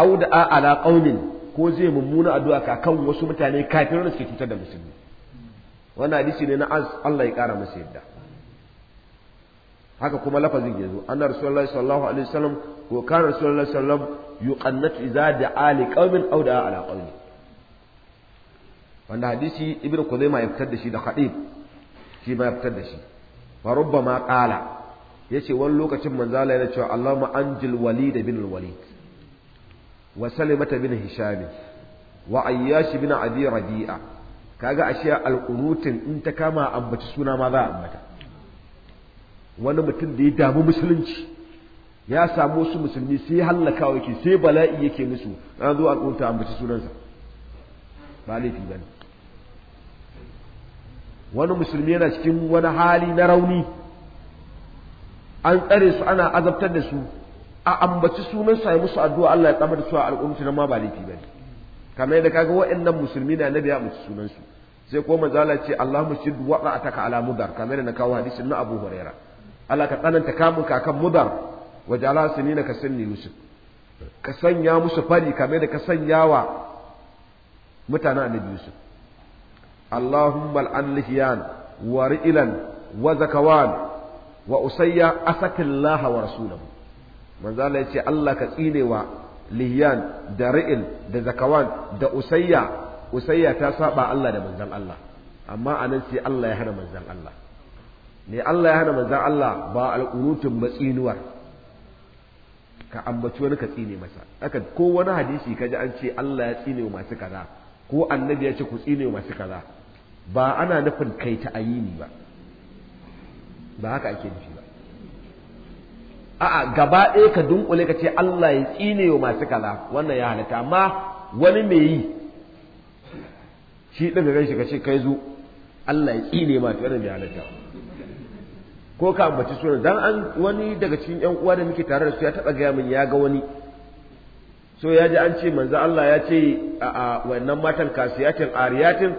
au da ala qaumin ko zai mummuna addu'a ka kan wasu mutane kafin da suke cutar da musulmi wannan hadisi ne na Allah ya kara masa yadda haka kuma lafazin yazo ana rasulullahi sallallahu alaihi wasallam ko kan rasulullahi sallallahu yuqannatu idza da'a li qaumin aw da'a ala qaumin wannan hadisi ibnu ma ya fitar da shi da hadith shi ma ya fitar da shi ma ƙala. Ya yace wani lokacin manzo Allah yana cewa Allahumma anjil walid bin walid wa salimata bin Hishami. wa ayyashi bin abi rabi'a kaga ashe alqunutin in ta kama ambaci suna ma za a ambata wani mutum da ya damu musulunci ya samu wasu musulmi sai hallaka yake sai bala'i yake musu an zo al'unta ambaci sunansa ba laifi bane wani musulmi yana cikin wani hali na rauni an tsare su ana azabtar da su a ambaci sunan sa musu addu'a Allah ya tsamar da su a al'umma ma ba laifi bane kamar yadda kaga waɗannan musulmi na annabi ya ambaci sunan su sai ko manzo Allah ce Allahumma shid waqa'ataka ala mudar kamar yadda na kawo hadisin na Abu Huraira Allah ka tsananta kamun ka kan mudar wa ja'ala sinina ka sanni yusuf ka sanya musu fari kamar da ka sanya wa mutanen annabi yusuf اللهم العن لحيان ورئلا وزكوان وأسيا أسك الله ورسوله من ذا يتي الله كتيني و لحيان دا رئل دا زكوان دا أسيا أسيا تسابع الله دا منزل الله أما أنا سي الله يهنا منزل الله ne Allah ya hana manzan Allah ba al'urutun matsinuwar ka ambaci wani ka tsine masa ko wani hadisi ka ji an ce Allah ya tsine masu kaza ko annabi ya ce ku tsine masu kaza ba ana nufin kai ta ayini ba ba haka ake nufi ba a'a gaba ɗaya ka dunkule ka ce Allah ya tsine wa masu kaza wannan ya halitta. amma wani mai yi shi ɗin ka shi ka ce kai zu Allah ya tsine ma to mai halitta. ko ka ambaci suna, dan an wani daga cikin 'yan uwa da muke tare da su ya taɓa gaya min ya ga wani so ya ji an ce manzo Allah ya ce a wannan matan kasiyatin ariyatin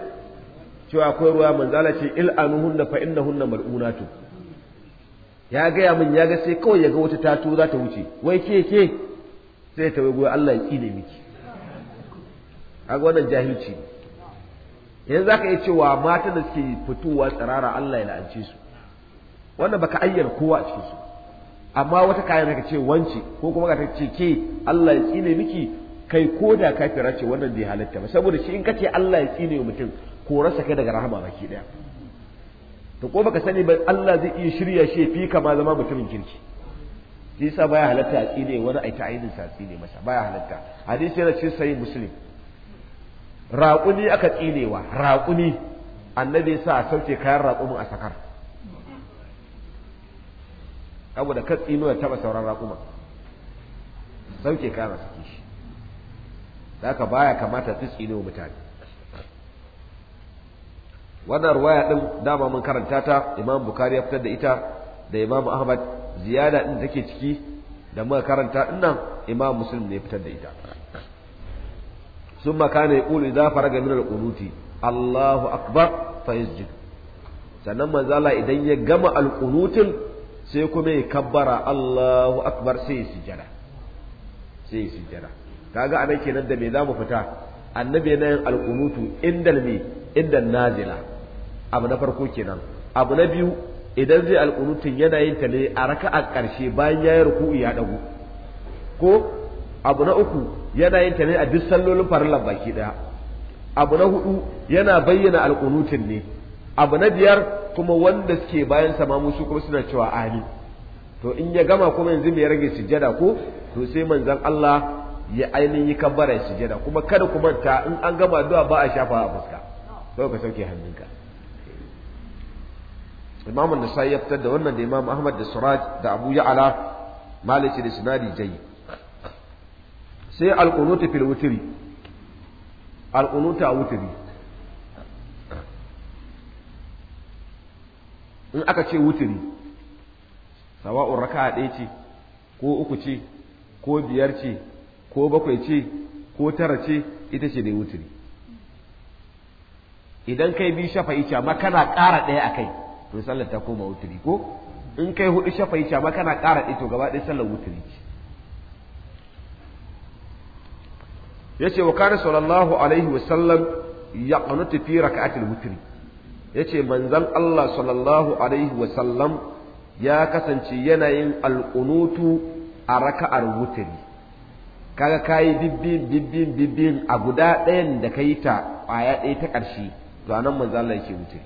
cewa akwai ruwa manzala ce il'anuhunna fa na mal'unatu ya gaya min ya ga sai kawai ya ga wata tato za ta wuce wai ke ke sai ta waigo Allah ya kine miki ga wannan jahilci idan za zaka iya cewa mata da suke fitowa tsirara Allah ya la'ance su wannan baka ayyana kowa a cikin su amma wata kayan ka ce wance ko kuma ka ce ke Allah ya tsine miki kai ko da kafira ce wannan ya halatta ba saboda shi in ka ce Allah ya tsine mutum rasa kai daga rahama baki daya to ko baka sani ba Allah zai iya shirya shi fi kama zama mutumin kirki shi yasa baya halatta a tsine wani ai ta'inin sa tsine masa baya halatta hadisi yana cikin sahih muslim raƙuni aka tsinewa raƙuni annabi yasa a sauke kayan raƙumin a sakar saboda ka tsino ya taba sauran raƙuma sauke kayan a sake shi da haka baya kamata ta tsinewa mutane wannan ruwaya din dama mun karanta ta imam bukari ya fitar da ita da imam ahmad ziyada din take ciki da muka karanta din nan imam muslim ne fitar da ita summa kana yaqulu idza faraga min al-qunuti Allahu akbar fa yasjud sannan manzo Allah idan ya gama al-qunutin sai kuma ya kabbara Allahu akbar sai ya sujada sai ya sujada kaga anan kenan da me zamu fita annabi yana yin al-qunutu indal mi indal nazila abu na farko kenan abu na biyu idan zai alƙunutun yana yin ta ne a a ƙarshe bayan ya yi ruku'u ya ɗagu ko abu na uku yana yin ta ne a duk sallolin farillan baki ɗaya abu na hudu yana bayyana alƙunutun ne abu na biyar kuma wanda suke bayan sama musu kuma suna cewa amin to in ya gama kuma yanzu mai rage sujjada ko to sai manzon Allah ya ainihin yi ya sujjada kuma kada ku manta in an gama addu'a ba a shafa a fuska sai ka sauke hannunka imam da sai ya fitar da wannan da imam ahmad da suraj da abu ya'la malici da sinadi jayi sai al fil wutri al a in aka ce wuturi, sawa'un raka'a ɗaya ce ko uku ce ko biyar ce ko bakwai ce ko tara ce ita ce dai wutri idan kai bi shafa'i ce amma kana ƙara ɗaya a kai to sallar ta koma wuturi ko in kai hudu yi ma kana ƙara ɗaya to gaba ɗaya sallar wuturi ce ce wa kare sallallahu alaihi wa sallam ya qanutu fi wuturi ya ce manzan Allah sallallahu alaihi wa sallam ya kasance yana yin a raka'ar wuturi. kaga yi bibbin bibbin bibbin a guda ɗayan da yi ta ƙwaya ɗaya ta ƙarshe to anan manzan Allah yake wuturi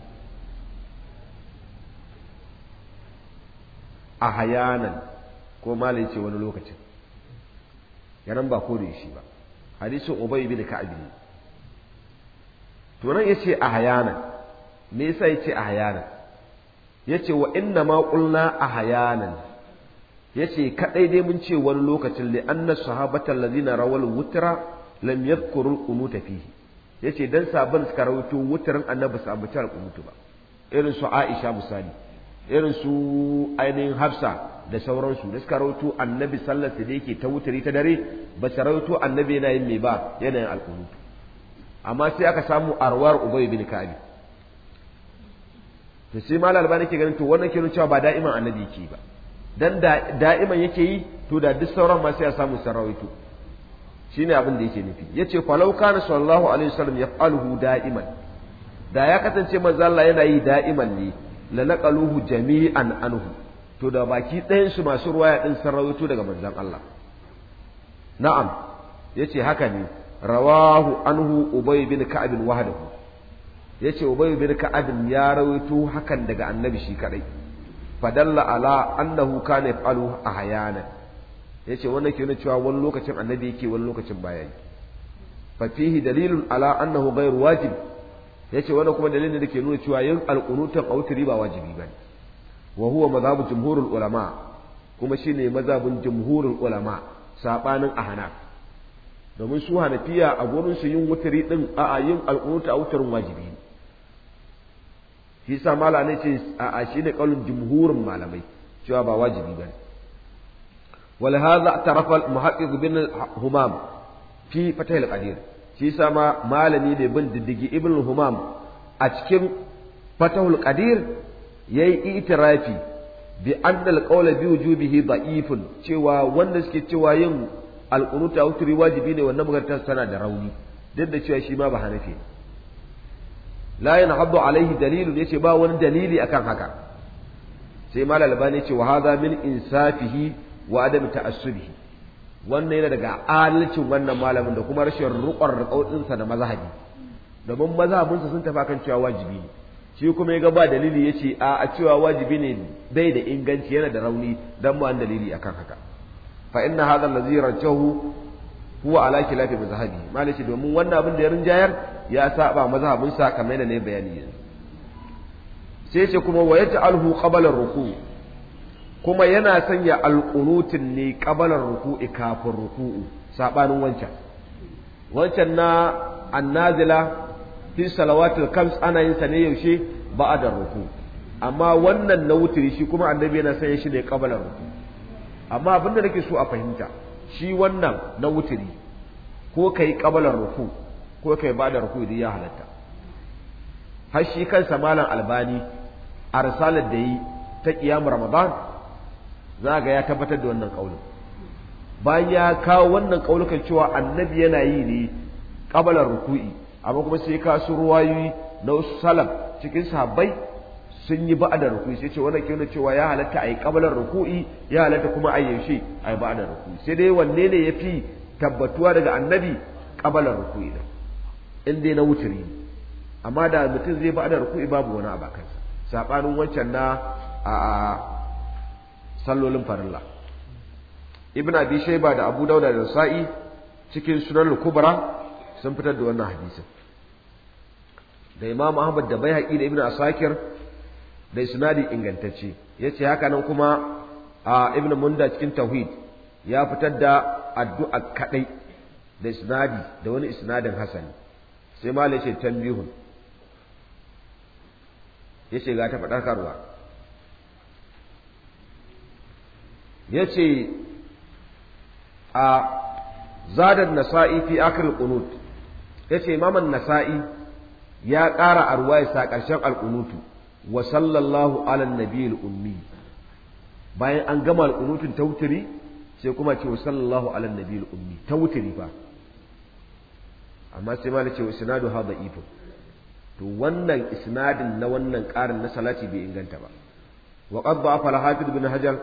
a hayanan ko malai ce wani lokacin yanan ba ko shi ba hadisin ubay bin ka'ab ne to nan yace a hayanan me yasa yace a yace wa inna ma qulna a yace kadai dai mun ce wani lokacin li anna sahabata allazina rawal wutra lam yadhkuru al-qunut fihi yace dan sabon suka rawaito wutrin annabi sa ambaci al ba irin su Aisha misali irin su ainihin hafsa da sauransu da suka rawaito annabi sallarsa da yake ta wutari ta dare ba su rawaito annabi yana yin mai ba yanayin yin amma sai aka samu arwar ubay bin ka'ab to sai malal albani ke ganin to wannan ke cewa ba da'iman annabi yake ba dan da'iman yake yi to da duk sauran ma sai a samu sarrawaito shine abin da yake nufi yace falau kana sallallahu alaihi wasallam yaf'aluhu da'iman da ya kasance manzo Allah yana yi da'iman ne lalaqaluhu jami'an anhu to da baki ɗayan su masu ruwaya din sun rawaito daga manzon Allah na'am yace haka ne rawahu anhu ubay bin ka'ab wahdahu yace ubay bin ka'ab ya rawaito hakan daga annabi shi kadai fadalla ala annahu kana yafalu ahyana yace wannan ke nuna cewa wani lokacin annabi yake wani lokacin baya yi fa fihi dalilun ala annahu ghayru wajib yace wannan kuma dalilin da ke nuna cewa yin alqunutan autiri ba wajibi bane wa huwa mazhabu jumhurul ulama kuma shine mazhabin jumhurul ulama sabanin ahnaf domin su hanafiya a gurin su yin wutiri din a yin alqunuta wutar wajibi shi mala ne ce a shine kaulin jimhurin malamai cewa ba wajibi bane ولهذا اعترف المحقق بن الهمام في فتح القدير shi ma malami ne bin diddigi ibn humam a cikin fatahul qadir yayi itirafi bi anna alqawla bi wujubihi da'ifun cewa wanda suke cewa yin alqunuta wutri wajibi ne wannan magartar tana da rauni duk da cewa shi ma ba hanafi la yanhaddu alaihi dalil yace ba wani dalili akan haka sai malal bani yace wa hadha min insafihi wa adam ta'assubihi wannan yana daga adalcin wannan malamin da kuma rashin rukon rukautinsa da mazhabi domin mazhabinsa sun tafi kan cewa wajibi ne shi kuma ya ga ba dalili ya ce a cewa wajibi ne dai da inganci yana da rauni dan ba dalili akan haka fa inna hadha allazi rajahu huwa ala khilafi mazhabi malaci domin wannan abin da ya rinjayar ya saba mazhabinsa kamar yadda ne bayani yanzu sai ce kuma wa alhu qabla ruku' kuma yana sanya alƙunutin ne ƙabalar ruku'i kafin ruku'u saɓanin wancan wancan na annazila fi salawatul kams ana yin sa ne yaushe ba'adar ruku amma wannan na wutiri shi kuma annabi yana sanya shi ne ƙabalar ruku amma abin da nake so a fahimta shi wannan na wutiri ko kai ƙabalar ruku ko kai ba'adar ruku idan ya halatta har shi kansa malam albani a da yi ta ƙiyamu ramadan za ga ya tabbatar da wannan kaulin bayan ya kawo wannan kaulukan cewa annabi yana yi ne kabalar ruku'i amma kuma sai ka su ruwayoyi na salam cikin sahabbai sun yi ba'adar ruku'i sai ce wannan kenan cewa ya halatta a yi kabalar ruku'i ya halatta kuma a yaushe a yi ba'adar ruku'i sai dai wanne ne ya fi tabbatuwa daga annabi kabalar ruku'i da in dai na wuturi amma da mutum zai ba'adar ruku'i babu wani abakansa sabanin wancan na a sallolin farilla ibn abi shayba da abu dauda da sa'i cikin sunan kubra sun fitar da wannan hadisin da imam ahmad da baihaqi da ibn asakir da isnadi ingantacce yace haka nan kuma a ibn munda cikin tauhid ya fitar da addu'a kadai da isnadi da wani isnadin hasani sai malai ce tanbihun yace ga ta faɗakarwa yace a zadan nasa'i fi akhir qunut yace imaman nasa'i ya ƙara a ruwayarsa ƙarshen alƙunutu wa sallallahu ala nabiyil ummi bayan an gama alƙunutun tautiri sai kuma ce wa sallallahu ala nabiyil ummi tautiri fa amma sai ma ce wa isnadu hada ifin to wannan isnadin na wannan ƙarin na salati bai inganta ba wa qad da'afa al bin hajar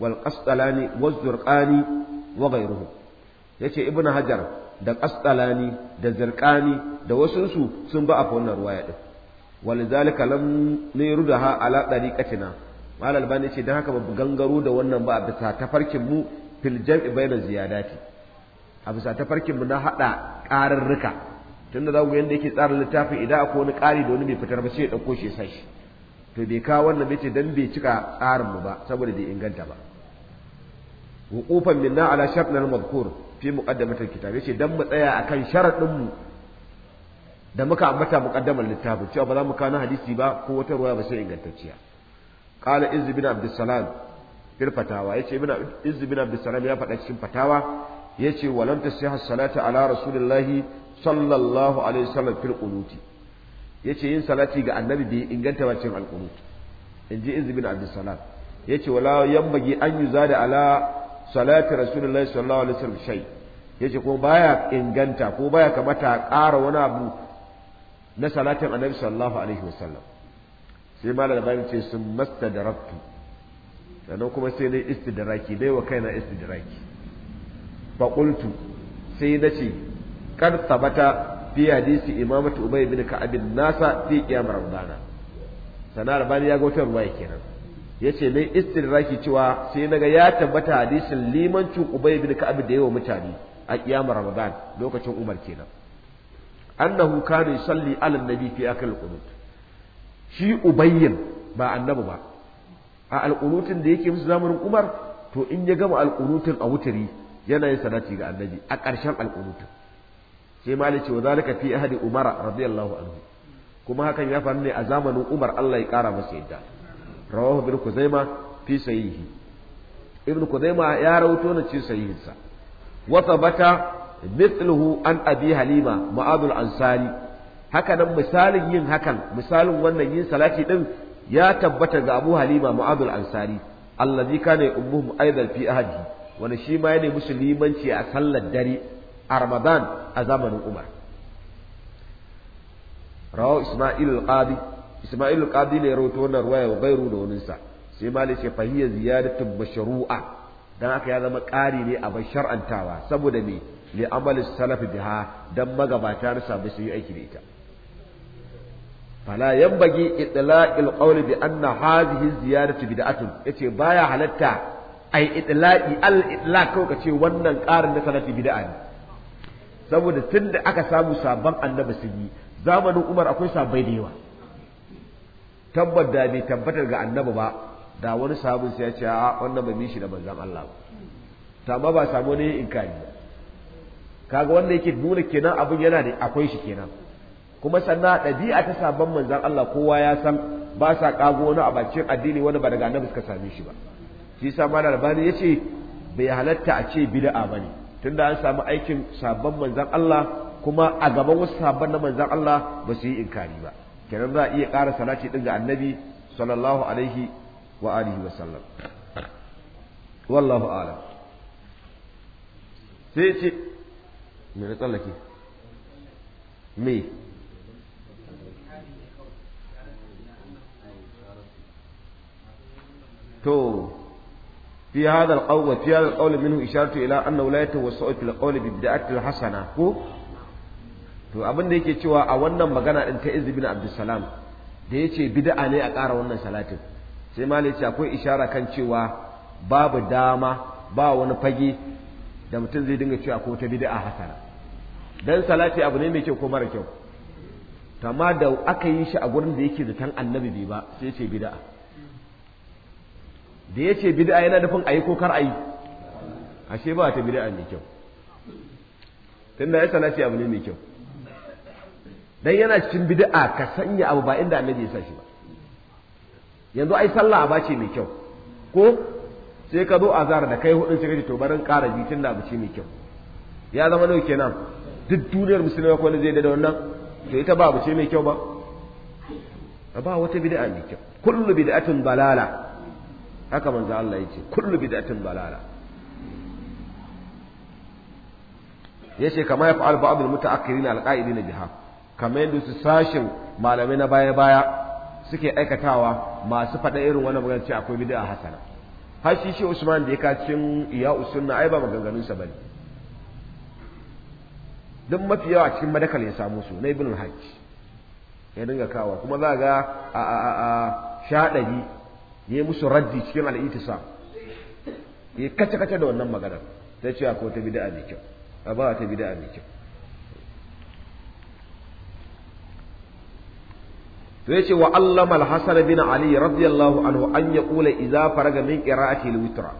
wal qastalani waz zurqani wa ghayruhu yace ibnu hajar da qastalani da zurqani da wasunsu sun ba a wannan ruwaya din walidhalika lam nirdaha ala Malam mal albani ce dan haka ba gangaro da wannan ba a bisa tafarkin mu fil jam'i bayna ziyadati a bisa tafarkinmu na haɗa qararruka tunda za ku yanda yake tsara littafin idan akwai wani ƙari da wani bai fitar ba sai ya ɗauko shi ya sa shi to bai kawo wannan mace ce dan bai cika tsarin mu ba saboda bai inganta ba wuqufan minna ala shartna al-madhkur fi muqaddimatil kitab yace dan mu tsaya akan sharadin mu da muka ambata muqaddamar littafin cewa ba za mu kawo hadisi ba ko wata ruwaya ba sai ingantacciya qala iz bin abdussalam fil fatawa yace ibn iz bin abdussalam ya faɗa cikin fatawa yace walanta tasihha salata ala rasulillahi sallallahu alaihi wasallam fil qunuti yace yin salati ga annabi bai inganta ba cikin alqunut inji izbi bin abdussalam yace wala yambagi an yuzada ala salati rasulullahi sallallahu alaihi wasallam shay yace ko baya inganta ko baya kamata a ƙara wani abu na salatin annabi sallallahu alaihi wasallam sai malam da bayan ce sun masta da mastadarabtu sannan kuma sai na istidraki dai wa kaina istidraki fa qultu sai na ce kar tabata fi hadisi imamatu ubay bin ka'ab nasa fi qiyam ramadana Sana'ar bani ya ga wata ruwaya kenan ce mai istidraki cewa sai naga ya tabbata hadisin limancin ubay bin ka'ab da wa mutane a qiyam ramadan lokacin umar kenan annahu kana yusalli ala nabi fi akal qunut shi ubayyin ba annabi ba a alqunutun da yake musu zamanin umar to in ya gama alqunutun a wutari yana yin salati ga annabi a ƙarshen alqunutun sai malik ce wa zalika fi ahadi umar radiyallahu anhu kuma hakan ya faru ne a zamanin umar Allah ya kara masa yadda rawahu ibn kuzaima fi sahihi ibn kuzaima ya rawaito ne cikin sahihinsa wa thabata mithluhu an abi halima ma'adul ansari haka nan misalin yin hakan misalin wannan yin salati din ya tabbata ga Abu Halima Mu'adul Ansari allazi kana ummuhum aidan fi ahadi wani shi ma yana musulmanci a sallar dare a Ramadan a zamanin Umar rawu Isma'il al-Qadi Isma'il al-Qadi ne rawaito wannan ruwaya wa bairu da wani sa sai malik ce fahiya ziyadatun mashru'a dan haka ya zama ƙari ne a bai shar'antawa saboda me li amalin salafi biha dan magabata na samu su yi aiki da ita fala yanbaghi itlaqil qawl bi anna hadhihi ziyadatu bid'atun yace baya halatta ai itla'i al itla kawai kace wannan ƙarin na salafi bid'a ne saboda tun da aka samu sabon annabi sun yi zamanin umar akwai sabai da yawa tabbar da bai tabbatar ga annabi ba da wani sabon sai ya ce a wannan bai shi da banzan Allah ba ta ma ba samu ne in inkari ba kaga wanda yake nuna kenan abin yana da akwai shi kenan kuma sannan ɗabi'a ta sabon manzan Allah kowa ya san ba sa kago wani a bakin addini wani ba daga annabi suka same shi ba shi yasa malam bani yace bai halatta a ce bid'a bane tun da an samu aikin sabon manzan Allah kuma a gaban wasu sabon na manzan Allah ba su yi inkari ba kenan za a iya ƙara salati ɗin ga annabi sallallahu alaihi wa alihi wa sallam wallahu a'lam sai ce me na tsallake me to في هذا القول وفي هذا القول منه إشارة إلى أنه لا يتوسع في القول ببدعة الحسنة هو to abin da yake cewa a wannan magana din ta Izz bin salam da yace bid'a ne a ƙara wannan salatin sai ma ce akwai ishara kan cewa babu dama ba wani fage da mutum zai dinga cewa ko ta bid'a hasana dan salati abu ne mai kyau ko mara kyau to amma da aka yi shi a gurin da yake zaton annabi bai ba sai yace bid'a da ya ce bid'a yana nufin ayi ko kar ayi ashe ba ta bid'a mai kyau tunda ya sana ce abu ne mai kyau dan yana cikin bid'a ka sanya abu ba inda annabi ya sa shi ba yanzu ai sallah a bace mai kyau ko sai ka zo azar da kai hudun sai ka ce to barin ƙara biyu tunda abu ce mai kyau ya zama nau kenan duk duniyar musulmai ko zai da wannan to ita ba abu ce mai kyau ba ba wata bid'a mai kyau kullu bid'atun balala haka manzo Allah yace kullu bid'atin balala yace kama ya fa'al ba'd al mutaakkirin al-qa'idin biha kama yadda su sashin malamai na baya baya suke aikatawa masu faɗa irin wannan magana ce akwai bid'a hasana har shi shi Usman da ya cikin iya usunna ai ba maganganun sa bane duk mafi yawa cikin madakal ya samu su na ibn al ya dinga kawa kuma za ga a a a shaɗari ya yi musu raddi cikin al'itisa ya kace kace da wannan magana, sai ce ko ta bid'a mai kyau a ba ta bid'a mai kyau to yace wa allama al-hasan bin ali radiyallahu anhu an yaqula idza faraga min qira'ati al-witra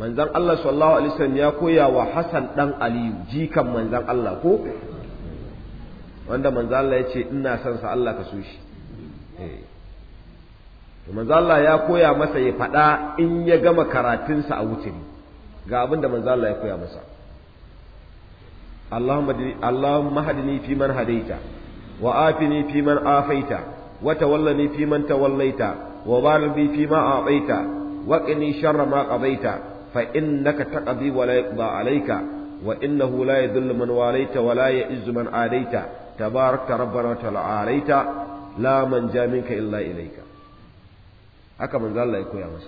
manzan Allah sallallahu alaihi wasallam ya koya wa Hassan dan Ali jikan manzan Allah ko wanda manzan Allah yace ina son sa Allah ka so shi eh manzo Allah ya koya masa ya faɗa in ya gama karatunsa a wuturi ga abin da manzo Allah ya koya masa Allahumma hadini fi man hadaita wa afini fi man afaita wa tawallani fi man tawallaita wa barik li fi ma a'taita wa qini sharra ma qadaita fa innaka taqdi wa la yuqda alayka wa innahu la yadhillu man walaita wa la ya'izzu man adaita tabarakta rabbana wa ta'ala la manja minka illa ilayka haka manzo Allah ya koya masa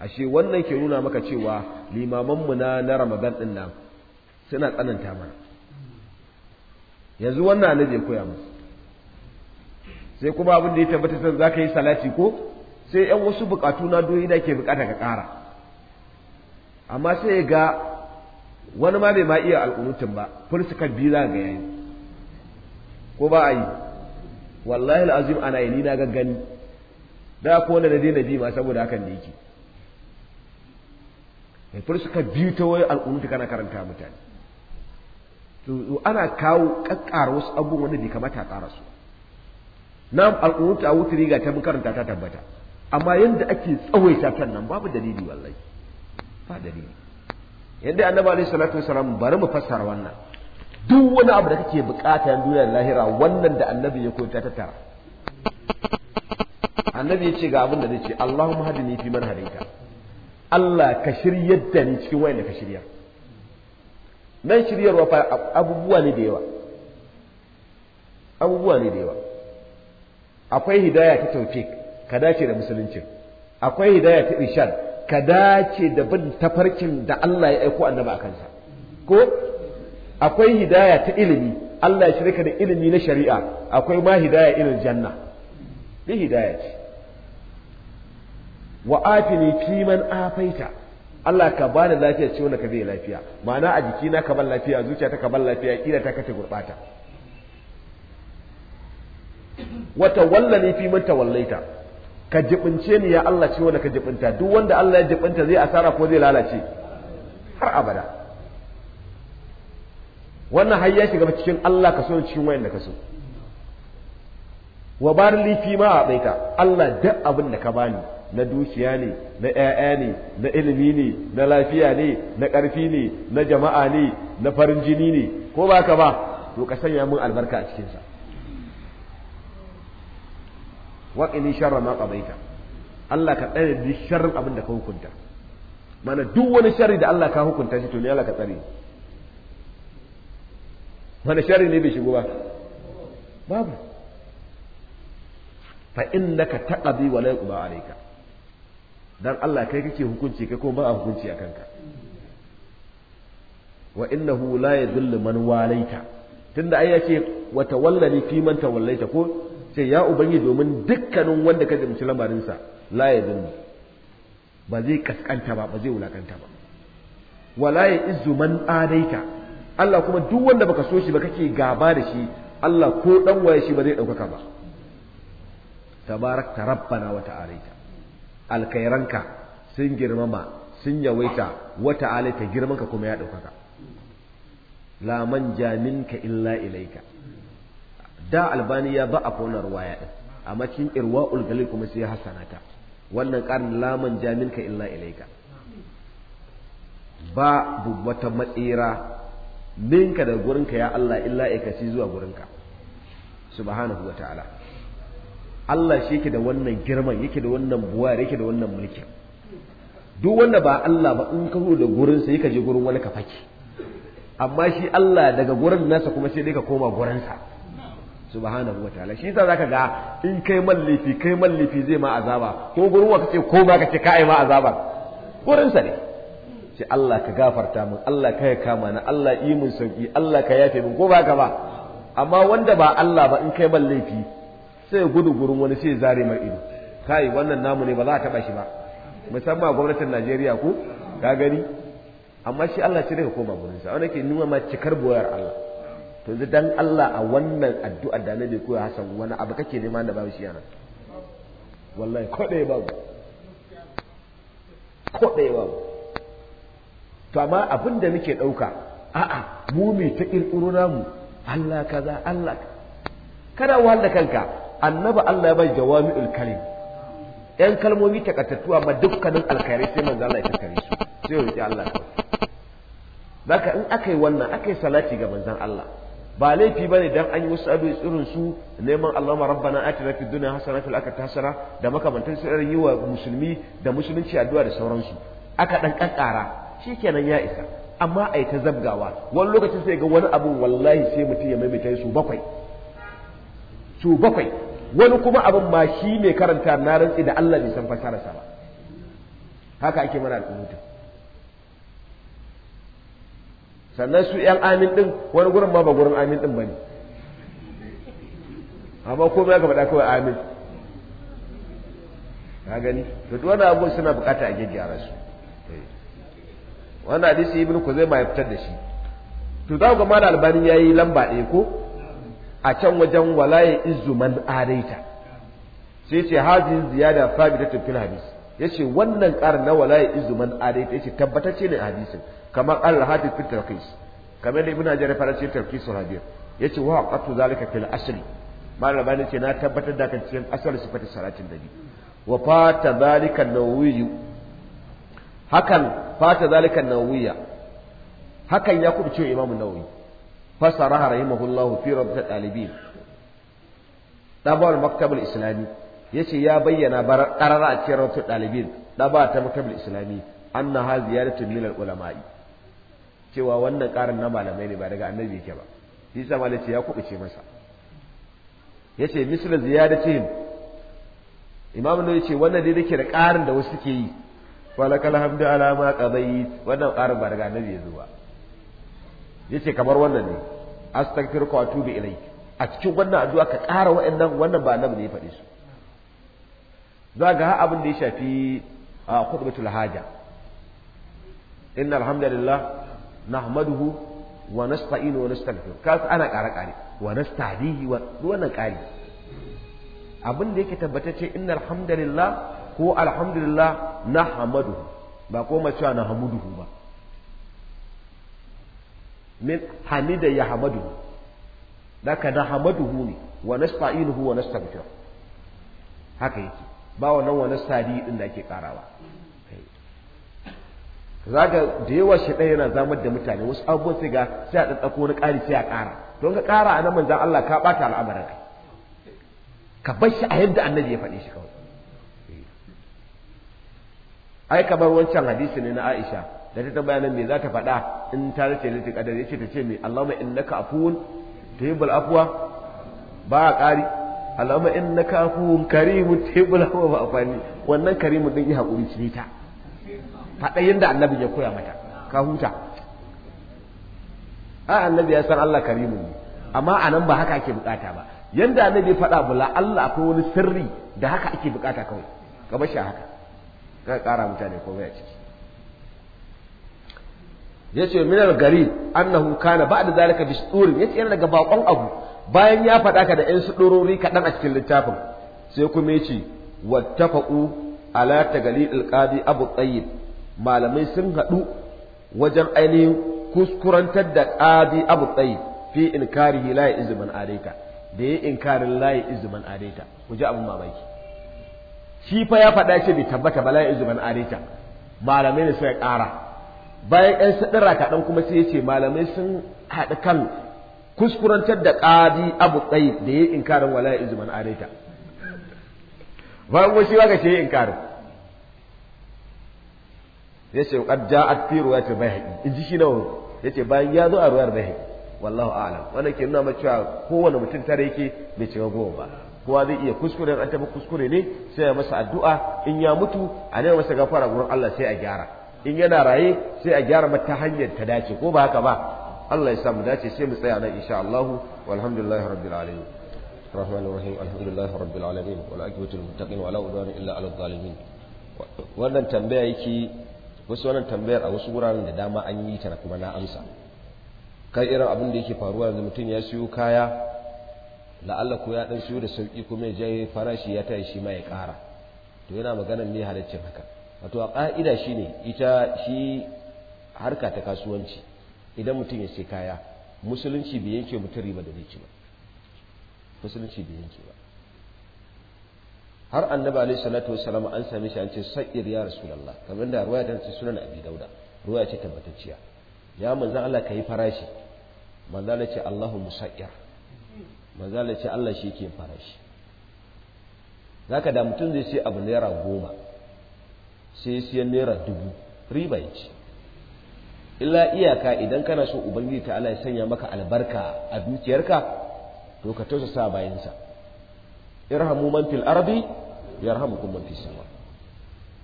ashe wannan ke nuna maka cewa limamanmu na na Ramadan din nan suna tsananta mana yanzu wannan ne ya koya musu sai kuma abin da ya tabbata sai zaka yi salati ko sai yan wasu bukatu na doyi da ke bukata ka kara amma sai ya ga wani ma bai ma iya alƙunutin ba kan biyu za ga yayi ko ba a yi wallahi al'azim ana yi ni na gaggani da ko wanda na daina bi ma saboda hakan da yake yanzu suka biyu ta wayar al'umma kana karanta mutane to ana kawo kakkara wasu abubuwan wanda bai kamata a ƙara su na al'umma a wuta riga ta karanta ta tabbata amma yanda ake tsawaita kan nan babu dalili wallahi ba dalili yadda annabi alaihi salatu wasalam bari mu fassara wannan duk wani abu da kake bukata yan duniyar lahira wannan da annabi ya koyar ta tara annabi ya ce ga abin da zai ce Allahumma hadini fi man hadaita Allah ka shiryar da ni cikin wayanda ka shirya nan shiryarwa fa abubuwa ne da yawa abubuwa ne da yawa akwai hidaya ta tawfiq ka dace da musulunci akwai hidaya ta irshad ka dace da bin tafarkin da Allah ya aiko annabi a kansa ko akwai hidaya ta ilimi Allah ya shirka da ilimi na shari'a akwai ma hidaya irin janna bi hidayati ce wa afini fi man afaita Allah ka bani lafiya ce wanda ka bai lafiya ma'ana a jikina ka ban lafiya zuciya ta ka ban lafiya kila ta kace gurbata wa tawallani fi man tawallaita ka jibince ni ya Allah ce wanda ka jibinta duk wanda Allah ya jibinta zai asara ko zai lalace har abada wannan har ya shiga cikin Allah ka so cikin wayan da ka so wa bar li fi ma abaita Allah duk abin da ka bani na dukiya ne na ƴaƴa ne na ilimi ne na lafiya ne na ƙarfi ne na jama'a ne na farin jini ne ko ba ka ba to ka sanya mun albarka a cikinsa waƙini sharra ma ƙabaita Allah ka tsare duk sharrin abin da ka hukunta mana duk wani sharri da Allah ka hukunta shi to ne Allah ka tsare mana sharri ne bai shigo ba babu fa innaka taqdi wa la yuqda alayka dan Allah kai kake hukunci kai kuma ba a hukunci a kanka wa innahu la yadhillu man walaita tunda ai yace wa tawallani fi man tawallaita ko ce ya ubangi domin dukkanin wanda ka jimci lamarin sa la yadhillu ba zai kaskanta ba ba zai wulakanta ba wala ya izu man adaita Allah kuma duk wanda baka so shi ba kake gaba da shi Allah ko dan waye shi ba zai ɗaukaka ba tabarak rabbana wa ta'alaita alkairanka sun girmama sun yawaita wata alita girmanka kuma ya ɗaukaka la jaminka illa ilaika da albaniya ba a fauna ruwaya ɗin amma cikin irwa ulgali kuma sai ya hasana ta wannan ƙarin laman jaminka illa ilaika ba wata matsira ninka da gurinka ya Allah illa ikasi zuwa gurinka subhanahu wa ta'ala Allah shi yake da wannan girman yake da wannan buwa yake da wannan mulki duk wanda ba Allah ba in ka da gurin sa yake je gurin wani ka fake amma shi Allah daga gurin nasa kuma sai dai ka koma gurin sa subhanahu wataala shi yasa zaka ga in kai mallifi kai mallifi zai ma azaba ko gurin wa kace ko ba kace kai ma azaba gurin sa ne ce Allah ka gafarta min Allah ka ya kama na Allah yi min sauki Allah ka yafe min ko ba ka ba amma wanda ba Allah ba in kai mallifi laifi sai ya gudu gurin wani sai ya zare mai ido kai wannan namu ne ba za a taba shi ba musamman gwamnatin Najeriya ko ka gani amma shi Allah ce daga koma gurin sa wani ke nuna ma cikar boyar Allah to yanzu dan Allah a wannan addu'a da Annabi koya Hassan wani abu kake nema da babu shi yana wallahi ko ɗaya babu ko ɗaya babu to amma abin da muke ɗauka a'a mu me ta ƙirƙiro namu Allah kaza Allah kada wahal da kanka Annaba Allah ya bai jawami'ul kalim yan kalmomi takatattu amma dukkanin alkhairai sai manzo Allah ya tattare su sai ya Allah baka in aka yi wannan aka salati ga manzon Allah ba laifi ba ne dan an yi wasu abu tsirin su neman Allahumma rabbana atina fid dunya hasanatan akhirati tasara da makamantan su yi wa musulmi da musulunci addu'a da sauransu aka dan kankara shikenan ya isa amma ai ta zabgawa wani lokacin sai ga wani abu wallahi sai mutum ya maimaita su bakwai su bakwai wani kuma abin ma shi mai karanta na rantsi da Allah bai san fasararsa ba haka ake mana al'umma sannan su ‘yan amin ɗin wani gurin ma ba gurin amin ɗin bane. amma ko komai aka faɗa kawai amin na gani to duk wani abu suna bukata a gyaggyara su wannan hadisi ibnu kuzaima ya fitar da shi to za ku ga malam albani yayi lamba ɗaya ko a can wajen walaye izu man adaita sai ce hazin ziyada sabitatun fil hadis yace wannan ƙara na walaye izu man adaita yace tabbatacce ne a hadisin kamar qala hadis fil tarkis kamar da ibn hajar fara ce tarqisul Ya yace wa qatu zalika fil asli malam bani ce na tabbatar da kan cikin asali sifatin salatin nabi wa fata zalika nawawi hakan fata zalika nawawiya hakan ya kubuce imamu nawawi fasara rahimahullahu fi rabbil talibin dabawar maktabul islami yace ya bayyana qarara a cikin rabbil talibin daba ta maktabul islami anna ha ziyaratun min ulama'i cewa wannan karin na malamai ne ba daga annabi yake ba shi yasa malaci ya kubuce masa yace misal ziyaratihim imamu ne yace wannan dai dake da karin da wasu suke yi walakal hamdu ala ma qadayt wannan karin ba daga annabi ya zo ba yace kamar wannan ne astaghfiruka wa atubu ilayk a cikin wannan addu'a ka ƙara wa'annan wannan ba annabi ne ya faɗi su za ga abin da ya shafi a khutbatul haja innal hamdalillah nahmaduhu wa nasta'inu wa nastaghfiru ka ana ƙara ƙari. wa nasta'dihi wa wannan ƙari abin da yake tabbatacce innal hamdalillah ko alhamdulillah nahmaduhu ba ko mace na hamuduhu ba min hamida ya hamadu daga na hamaduhu ne wa nasta'inuhu wa nastaghfir haka yake ba wannan wa sadi din da ake karawa zaga da yawa shi ɗaya yana zamar da mutane wasu abubuwan sai ga sai a ɗaɗɗako wani ƙari sai a ƙara don ka ƙara a nan zan Allah ka ɓata al'amarin kai ka bar shi a yadda annabi ya faɗi shi kawai ai kamar wancan hadisi ne na Aisha da ta tambaya nan me za ta faɗa in ta race lati kadari yace ta ce me Allahumma innaka afuwun tuhibbul afwa ba ƙari Allahumma innaka afuwun karimun tuhibbul afwa ba afani wannan karimun din yi hakuri cire ta faɗa yanda annabi ya koya mata ka huta a annabi ya san Allah karimun ne amma anan ba haka ake bukata ba yanda annabi ya faɗa bula Allah akwai wani sirri da haka ake bukata kawai ka bar shi haka ka ƙara mutane komai a ciki yace ce al-gari annahu kana ba'da zalika bi ya yace yana daga bakon abu bayan ya faɗa ka da su ɗorori kaɗan a cikin littafin sai kuma yace faɗu, ala tagalidil qadi abu tayyib malamai sun haɗu wajen ainihin kuskurantar da qadi abu tayyib fi inkarihi la izman alayka da ya inkarin la izman alayka ku ji abin mamaki shi fa ya faɗa ce bai tabbata ba la izman alayka malamai ne suka ƙara bayan 'yan sadara kaɗan kuma sai ya ce malamai sun haɗu kan kuskurantar da ƙadi abu tsayi da ya yi inkarin wala ya izuman areta bayan shi ba ga ce ya inkarin ya ce kad ja'at fi bai bayhaqi in ji shi na wani. ya ce bayan ya zo a bai bayhaqi wallahu ala. wannan ke nuna cewa kowane mutum tare yake bai cika goma ba kowa zai iya kuskure an taɓa kuskure ne sai ya masa addu'a in ya mutu a nema masa gafara gurin Allah sai a gyara in yana raye sai a gyara mata hanyar ta dace ko ba haka ba Allah ya samu dace sai mu tsaya nan insha Allah walhamdulillahi rabbil alamin الرحمن الرحيم الحمد لله رب العالمين والعاقبة للمتقين ولا عدوان illa ala zalimin wannan tambaya yake wasu wannan tambayar a wasu wuraren da dama an yi ta kuma na amsa kai irin abin da yake faruwa yanzu mutum ya siyo kaya la'alla ko ya dan siyo da sauki kuma ya je farashi ya tashi shi ma ya ƙara to yana magana ne halaccin haka wato a ƙa'ida shi ne ita shi harka ta kasuwanci idan mutum ya ce kaya musulunci bai yanke mutum riba da zai ci ba musulunci bai yanke ba har annabi alaihi salatu salama an same shi an ce sa'ir ya rasulullah kamar da ruwaya ta ce sunan abi dauda ruwaya ce tabbatacciya ya manzan Allah ka yi farashi manzan Allah ce Allahu musa'ir manzan Allah ce Allah shi ke farashi zaka da mutum zai sai abu naira goma sai siyan naira dubu riba ya ce illa iyaka idan kana so ubangiji ta ala ya sanya maka albarka a dukiyarka to ka tausa sa bayansa irhamu man fil ardi yarhamukum man fis sama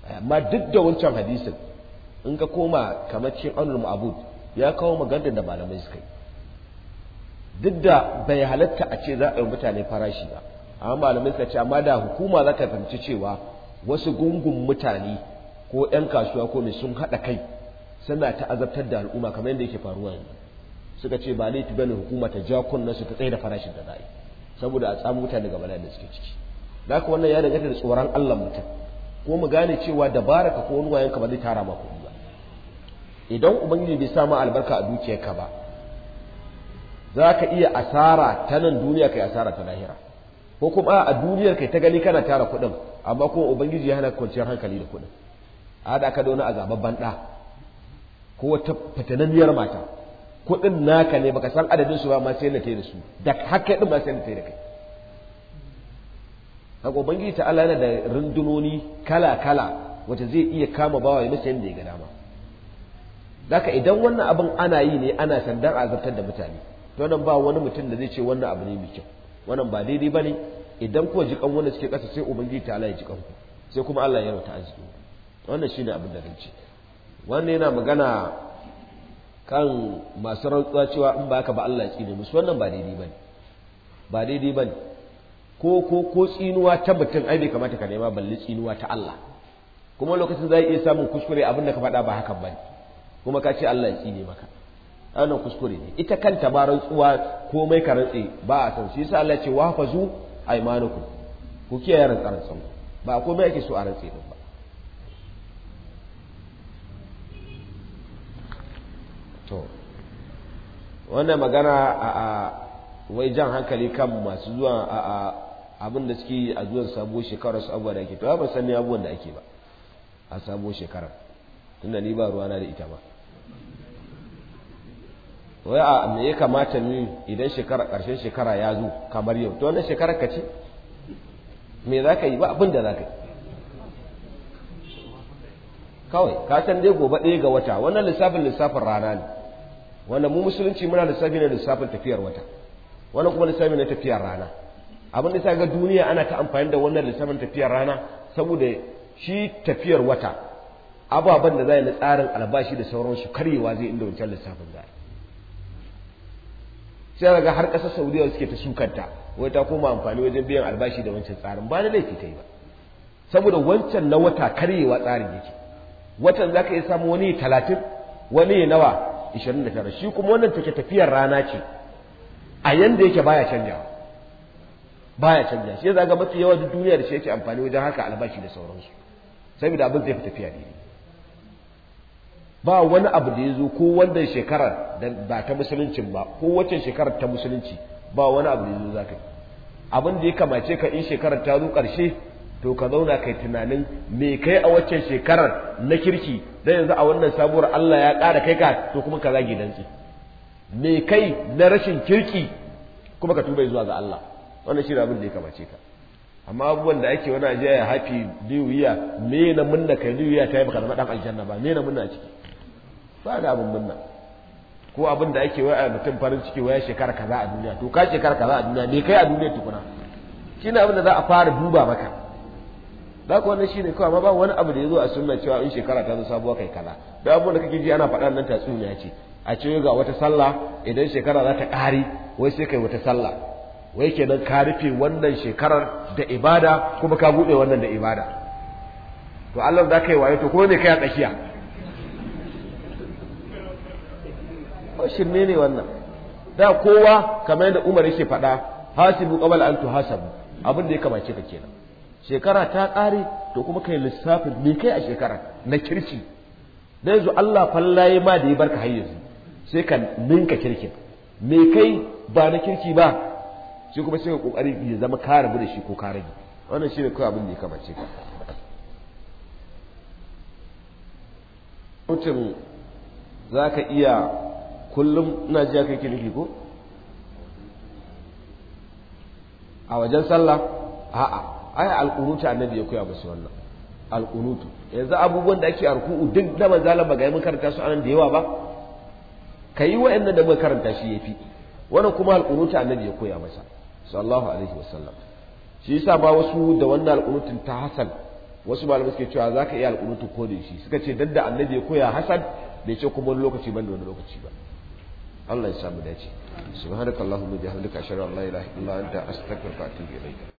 amma duk da wancan hadisin in ka koma kamar cikin anul ma'bud ya kawo maganar da malamai suka yi duk da bai halatta a ce za a yi mutane farashi ba amma malamai suka ce amma da hukuma za ka fahimci cewa wasu gungun mutane ko 'yan kasuwa ko mai sun haɗa kai suna azabtar da al'umma kamar yadda yake faruwa yanzu suka ce ba laifi bane hukuma ta ja kunna su ta tsaye da farashin da za'a saboda a tsamu mutane daga bala'in da suke ciki da haka wannan ya danganta da tsoron Allah mutum ko mu gane cewa dabara ka ko wani ka ba zai tara ma kuɗi ba idan ubangiji bai sa ma albarka a dukiyarka ba za ka iya asara ta nan duniya kai asara ta lahira ko kuma a duniyar kai ta gani kana tara kuɗin amma kuma ubangiji ya hana kwanciyar hankali da kuɗin a haɗa ka da wani azababban ɗa ko wata fatananniyar mata kuɗin naka ne baka san adadin su ba ma sai na tai da su da haka ɗin ma sai na tai da kai haka ubangiji ta Allah yana da rundunoni kala kala wacce zai iya kama bawa ya masa yadda ya ga dama zaka idan wannan abin ana yi ne ana sandar azabtar da mutane to nan ba wani mutum da zai ce wannan abu ne mai kyau wannan ba daidai bane idan kuwa jikan wanda suke ƙasa sai ubangiji ta Allah ya jikan ku sai kuma Allah ya rauta arziki wannan shi ne abin da rance wannan yana magana kan masu rantsuwa cewa in ba haka ba Allah ya tsine musu wannan ba daidai ba ne ba daidai ba ne ko ko ko tsinuwa ta mutum ai bai kamata ka nema balle tsinuwa ta Allah kuma lokacin za iya samun kuskure abin da ka faɗa ba hakan ba ne kuma ka ce Allah ya tsine maka wannan kuskure ne ita kanta ba rantsuwa komai ka rantse ba a san shi yasa Allah ya ce fazu aymanukum ku kiyaye rantsan ba komai ake so a rantse ba wannan magana a wai jan hankali kan masu zuwa a abin da suke a zuwan sabo shekarar su abuwa da ake to ba san ne abuwan da ake ba a sabo shekarar tunda ni ba ruwana da ita ba wai a me ya kamata ni idan shekara karshen shekara ya zo kamar yau to wannan shekarar ka ce me za ka yi ba abin da za ka yi kawai ka san dai gobe ɗaya ga wata wannan lissafin lissafin rana ne wannan mu musulunci muna lissafi na lissafin tafiyar wata wannan kuma lissafi na tafiyar rana abin da ga duniya ana ta amfani da wannan lissafin tafiyar rana saboda shi tafiyar wata ababen da zai na tsarin albashi da sauransu karyewa zai inda wancan lissafin zai sai daga har ƙasa saudiya suke ta sukanta wai ta koma amfani wajen biyan albashi da wancan tsarin ba da laifi ta yi ba saboda wancan na wata karyewa tsarin yake watan za ka iya samu wani talatin wani nawa 29 shi kuma wannan take tafiyar rana ce a yanda yake baya canjawa baya canja shi zaga mafi yawa duk duniya da shi yake amfani wajen haka albashi da sauransu saboda abin zai fi tafiya ne ba wani abu da ya zo ko wannan shekarar ba ta musuluncin ba ko wacce shekarar ta musulunci ba wani abu da ya zo za ka yi abin da ya kamace ka in shekarar ta zo ƙarshe to ka zauna kai tunanin me kai a waccan shekarar na kirki dan yanzu a wannan sabuwar Allah ya ƙara kai ka to kuma ka zage dantsi me kai na rashin kirki kuma ka tuba zuwa ga Allah wannan shi abin da ya kamace ka amma abubuwan da ake wani ajiya ya hafi new me na munna kai new ta yi baka zama dan aljanna ba me na munna a ciki ba da abin munna ko abin da ake waya mutum farin ciki waya shekara kaza a duniya to ka shekara kaza a duniya me kai a duniya tukuna shine abin da za a fara duba maka da ku wannan shine kawai amma ba wani abu da ya zo a sunna cewa in shekara ta zo sabuwa kai kaza da abubuwan da kake ji ana faɗa nan tatsuniya ce a ce ga wata sallah idan shekara za ta ƙari wai sai kai wata sallah wai kenan ka rufe wannan shekarar da ibada kuma ka buɗe wannan da ibada to Allah za ka yi to ko ne kai a tsakiya ko shin ne wannan da kowa kamar yadda Umar yake faɗa hasibu qabla an tuhasabu abin da ya kamace ka kenan shekara ta ƙare to kuma kai lissafin me kai a shekara na kirki da yanzu Allah fallaye ma da ya barka har sai ka ninka kirki. me kai ba na kirki ba shi kuma sai ka kokari ya zama ka rabu da shi ko ka rage wannan ne kawai abin da ya kamace ka mutum za ka iya kullum ina jiya kai kirki ko a wajen sallah a'a ai alqunutu annabi ya koya musu wannan alqunutu yanzu abubuwan da ake arku'u duk da manzalan ba ga mun karanta su anan da yawa ba kayi wa'annan da mun karanta shi yafi wannan kuma alqunutu annabi ya koya masa sallallahu alaihi wasallam shi yasa ba wasu da wannan alqunutun ta hasan wasu malamai suke cewa zaka iya alqunutun ko da shi suka ce dadda annabi ya koya hasan bai ce kuma wani lokaci ban da wani lokaci ba Allah ya samu dace subhanakallahumma bihamdika ashhadu an la ilaha illa anta astaghfiruka wa atubu ilayk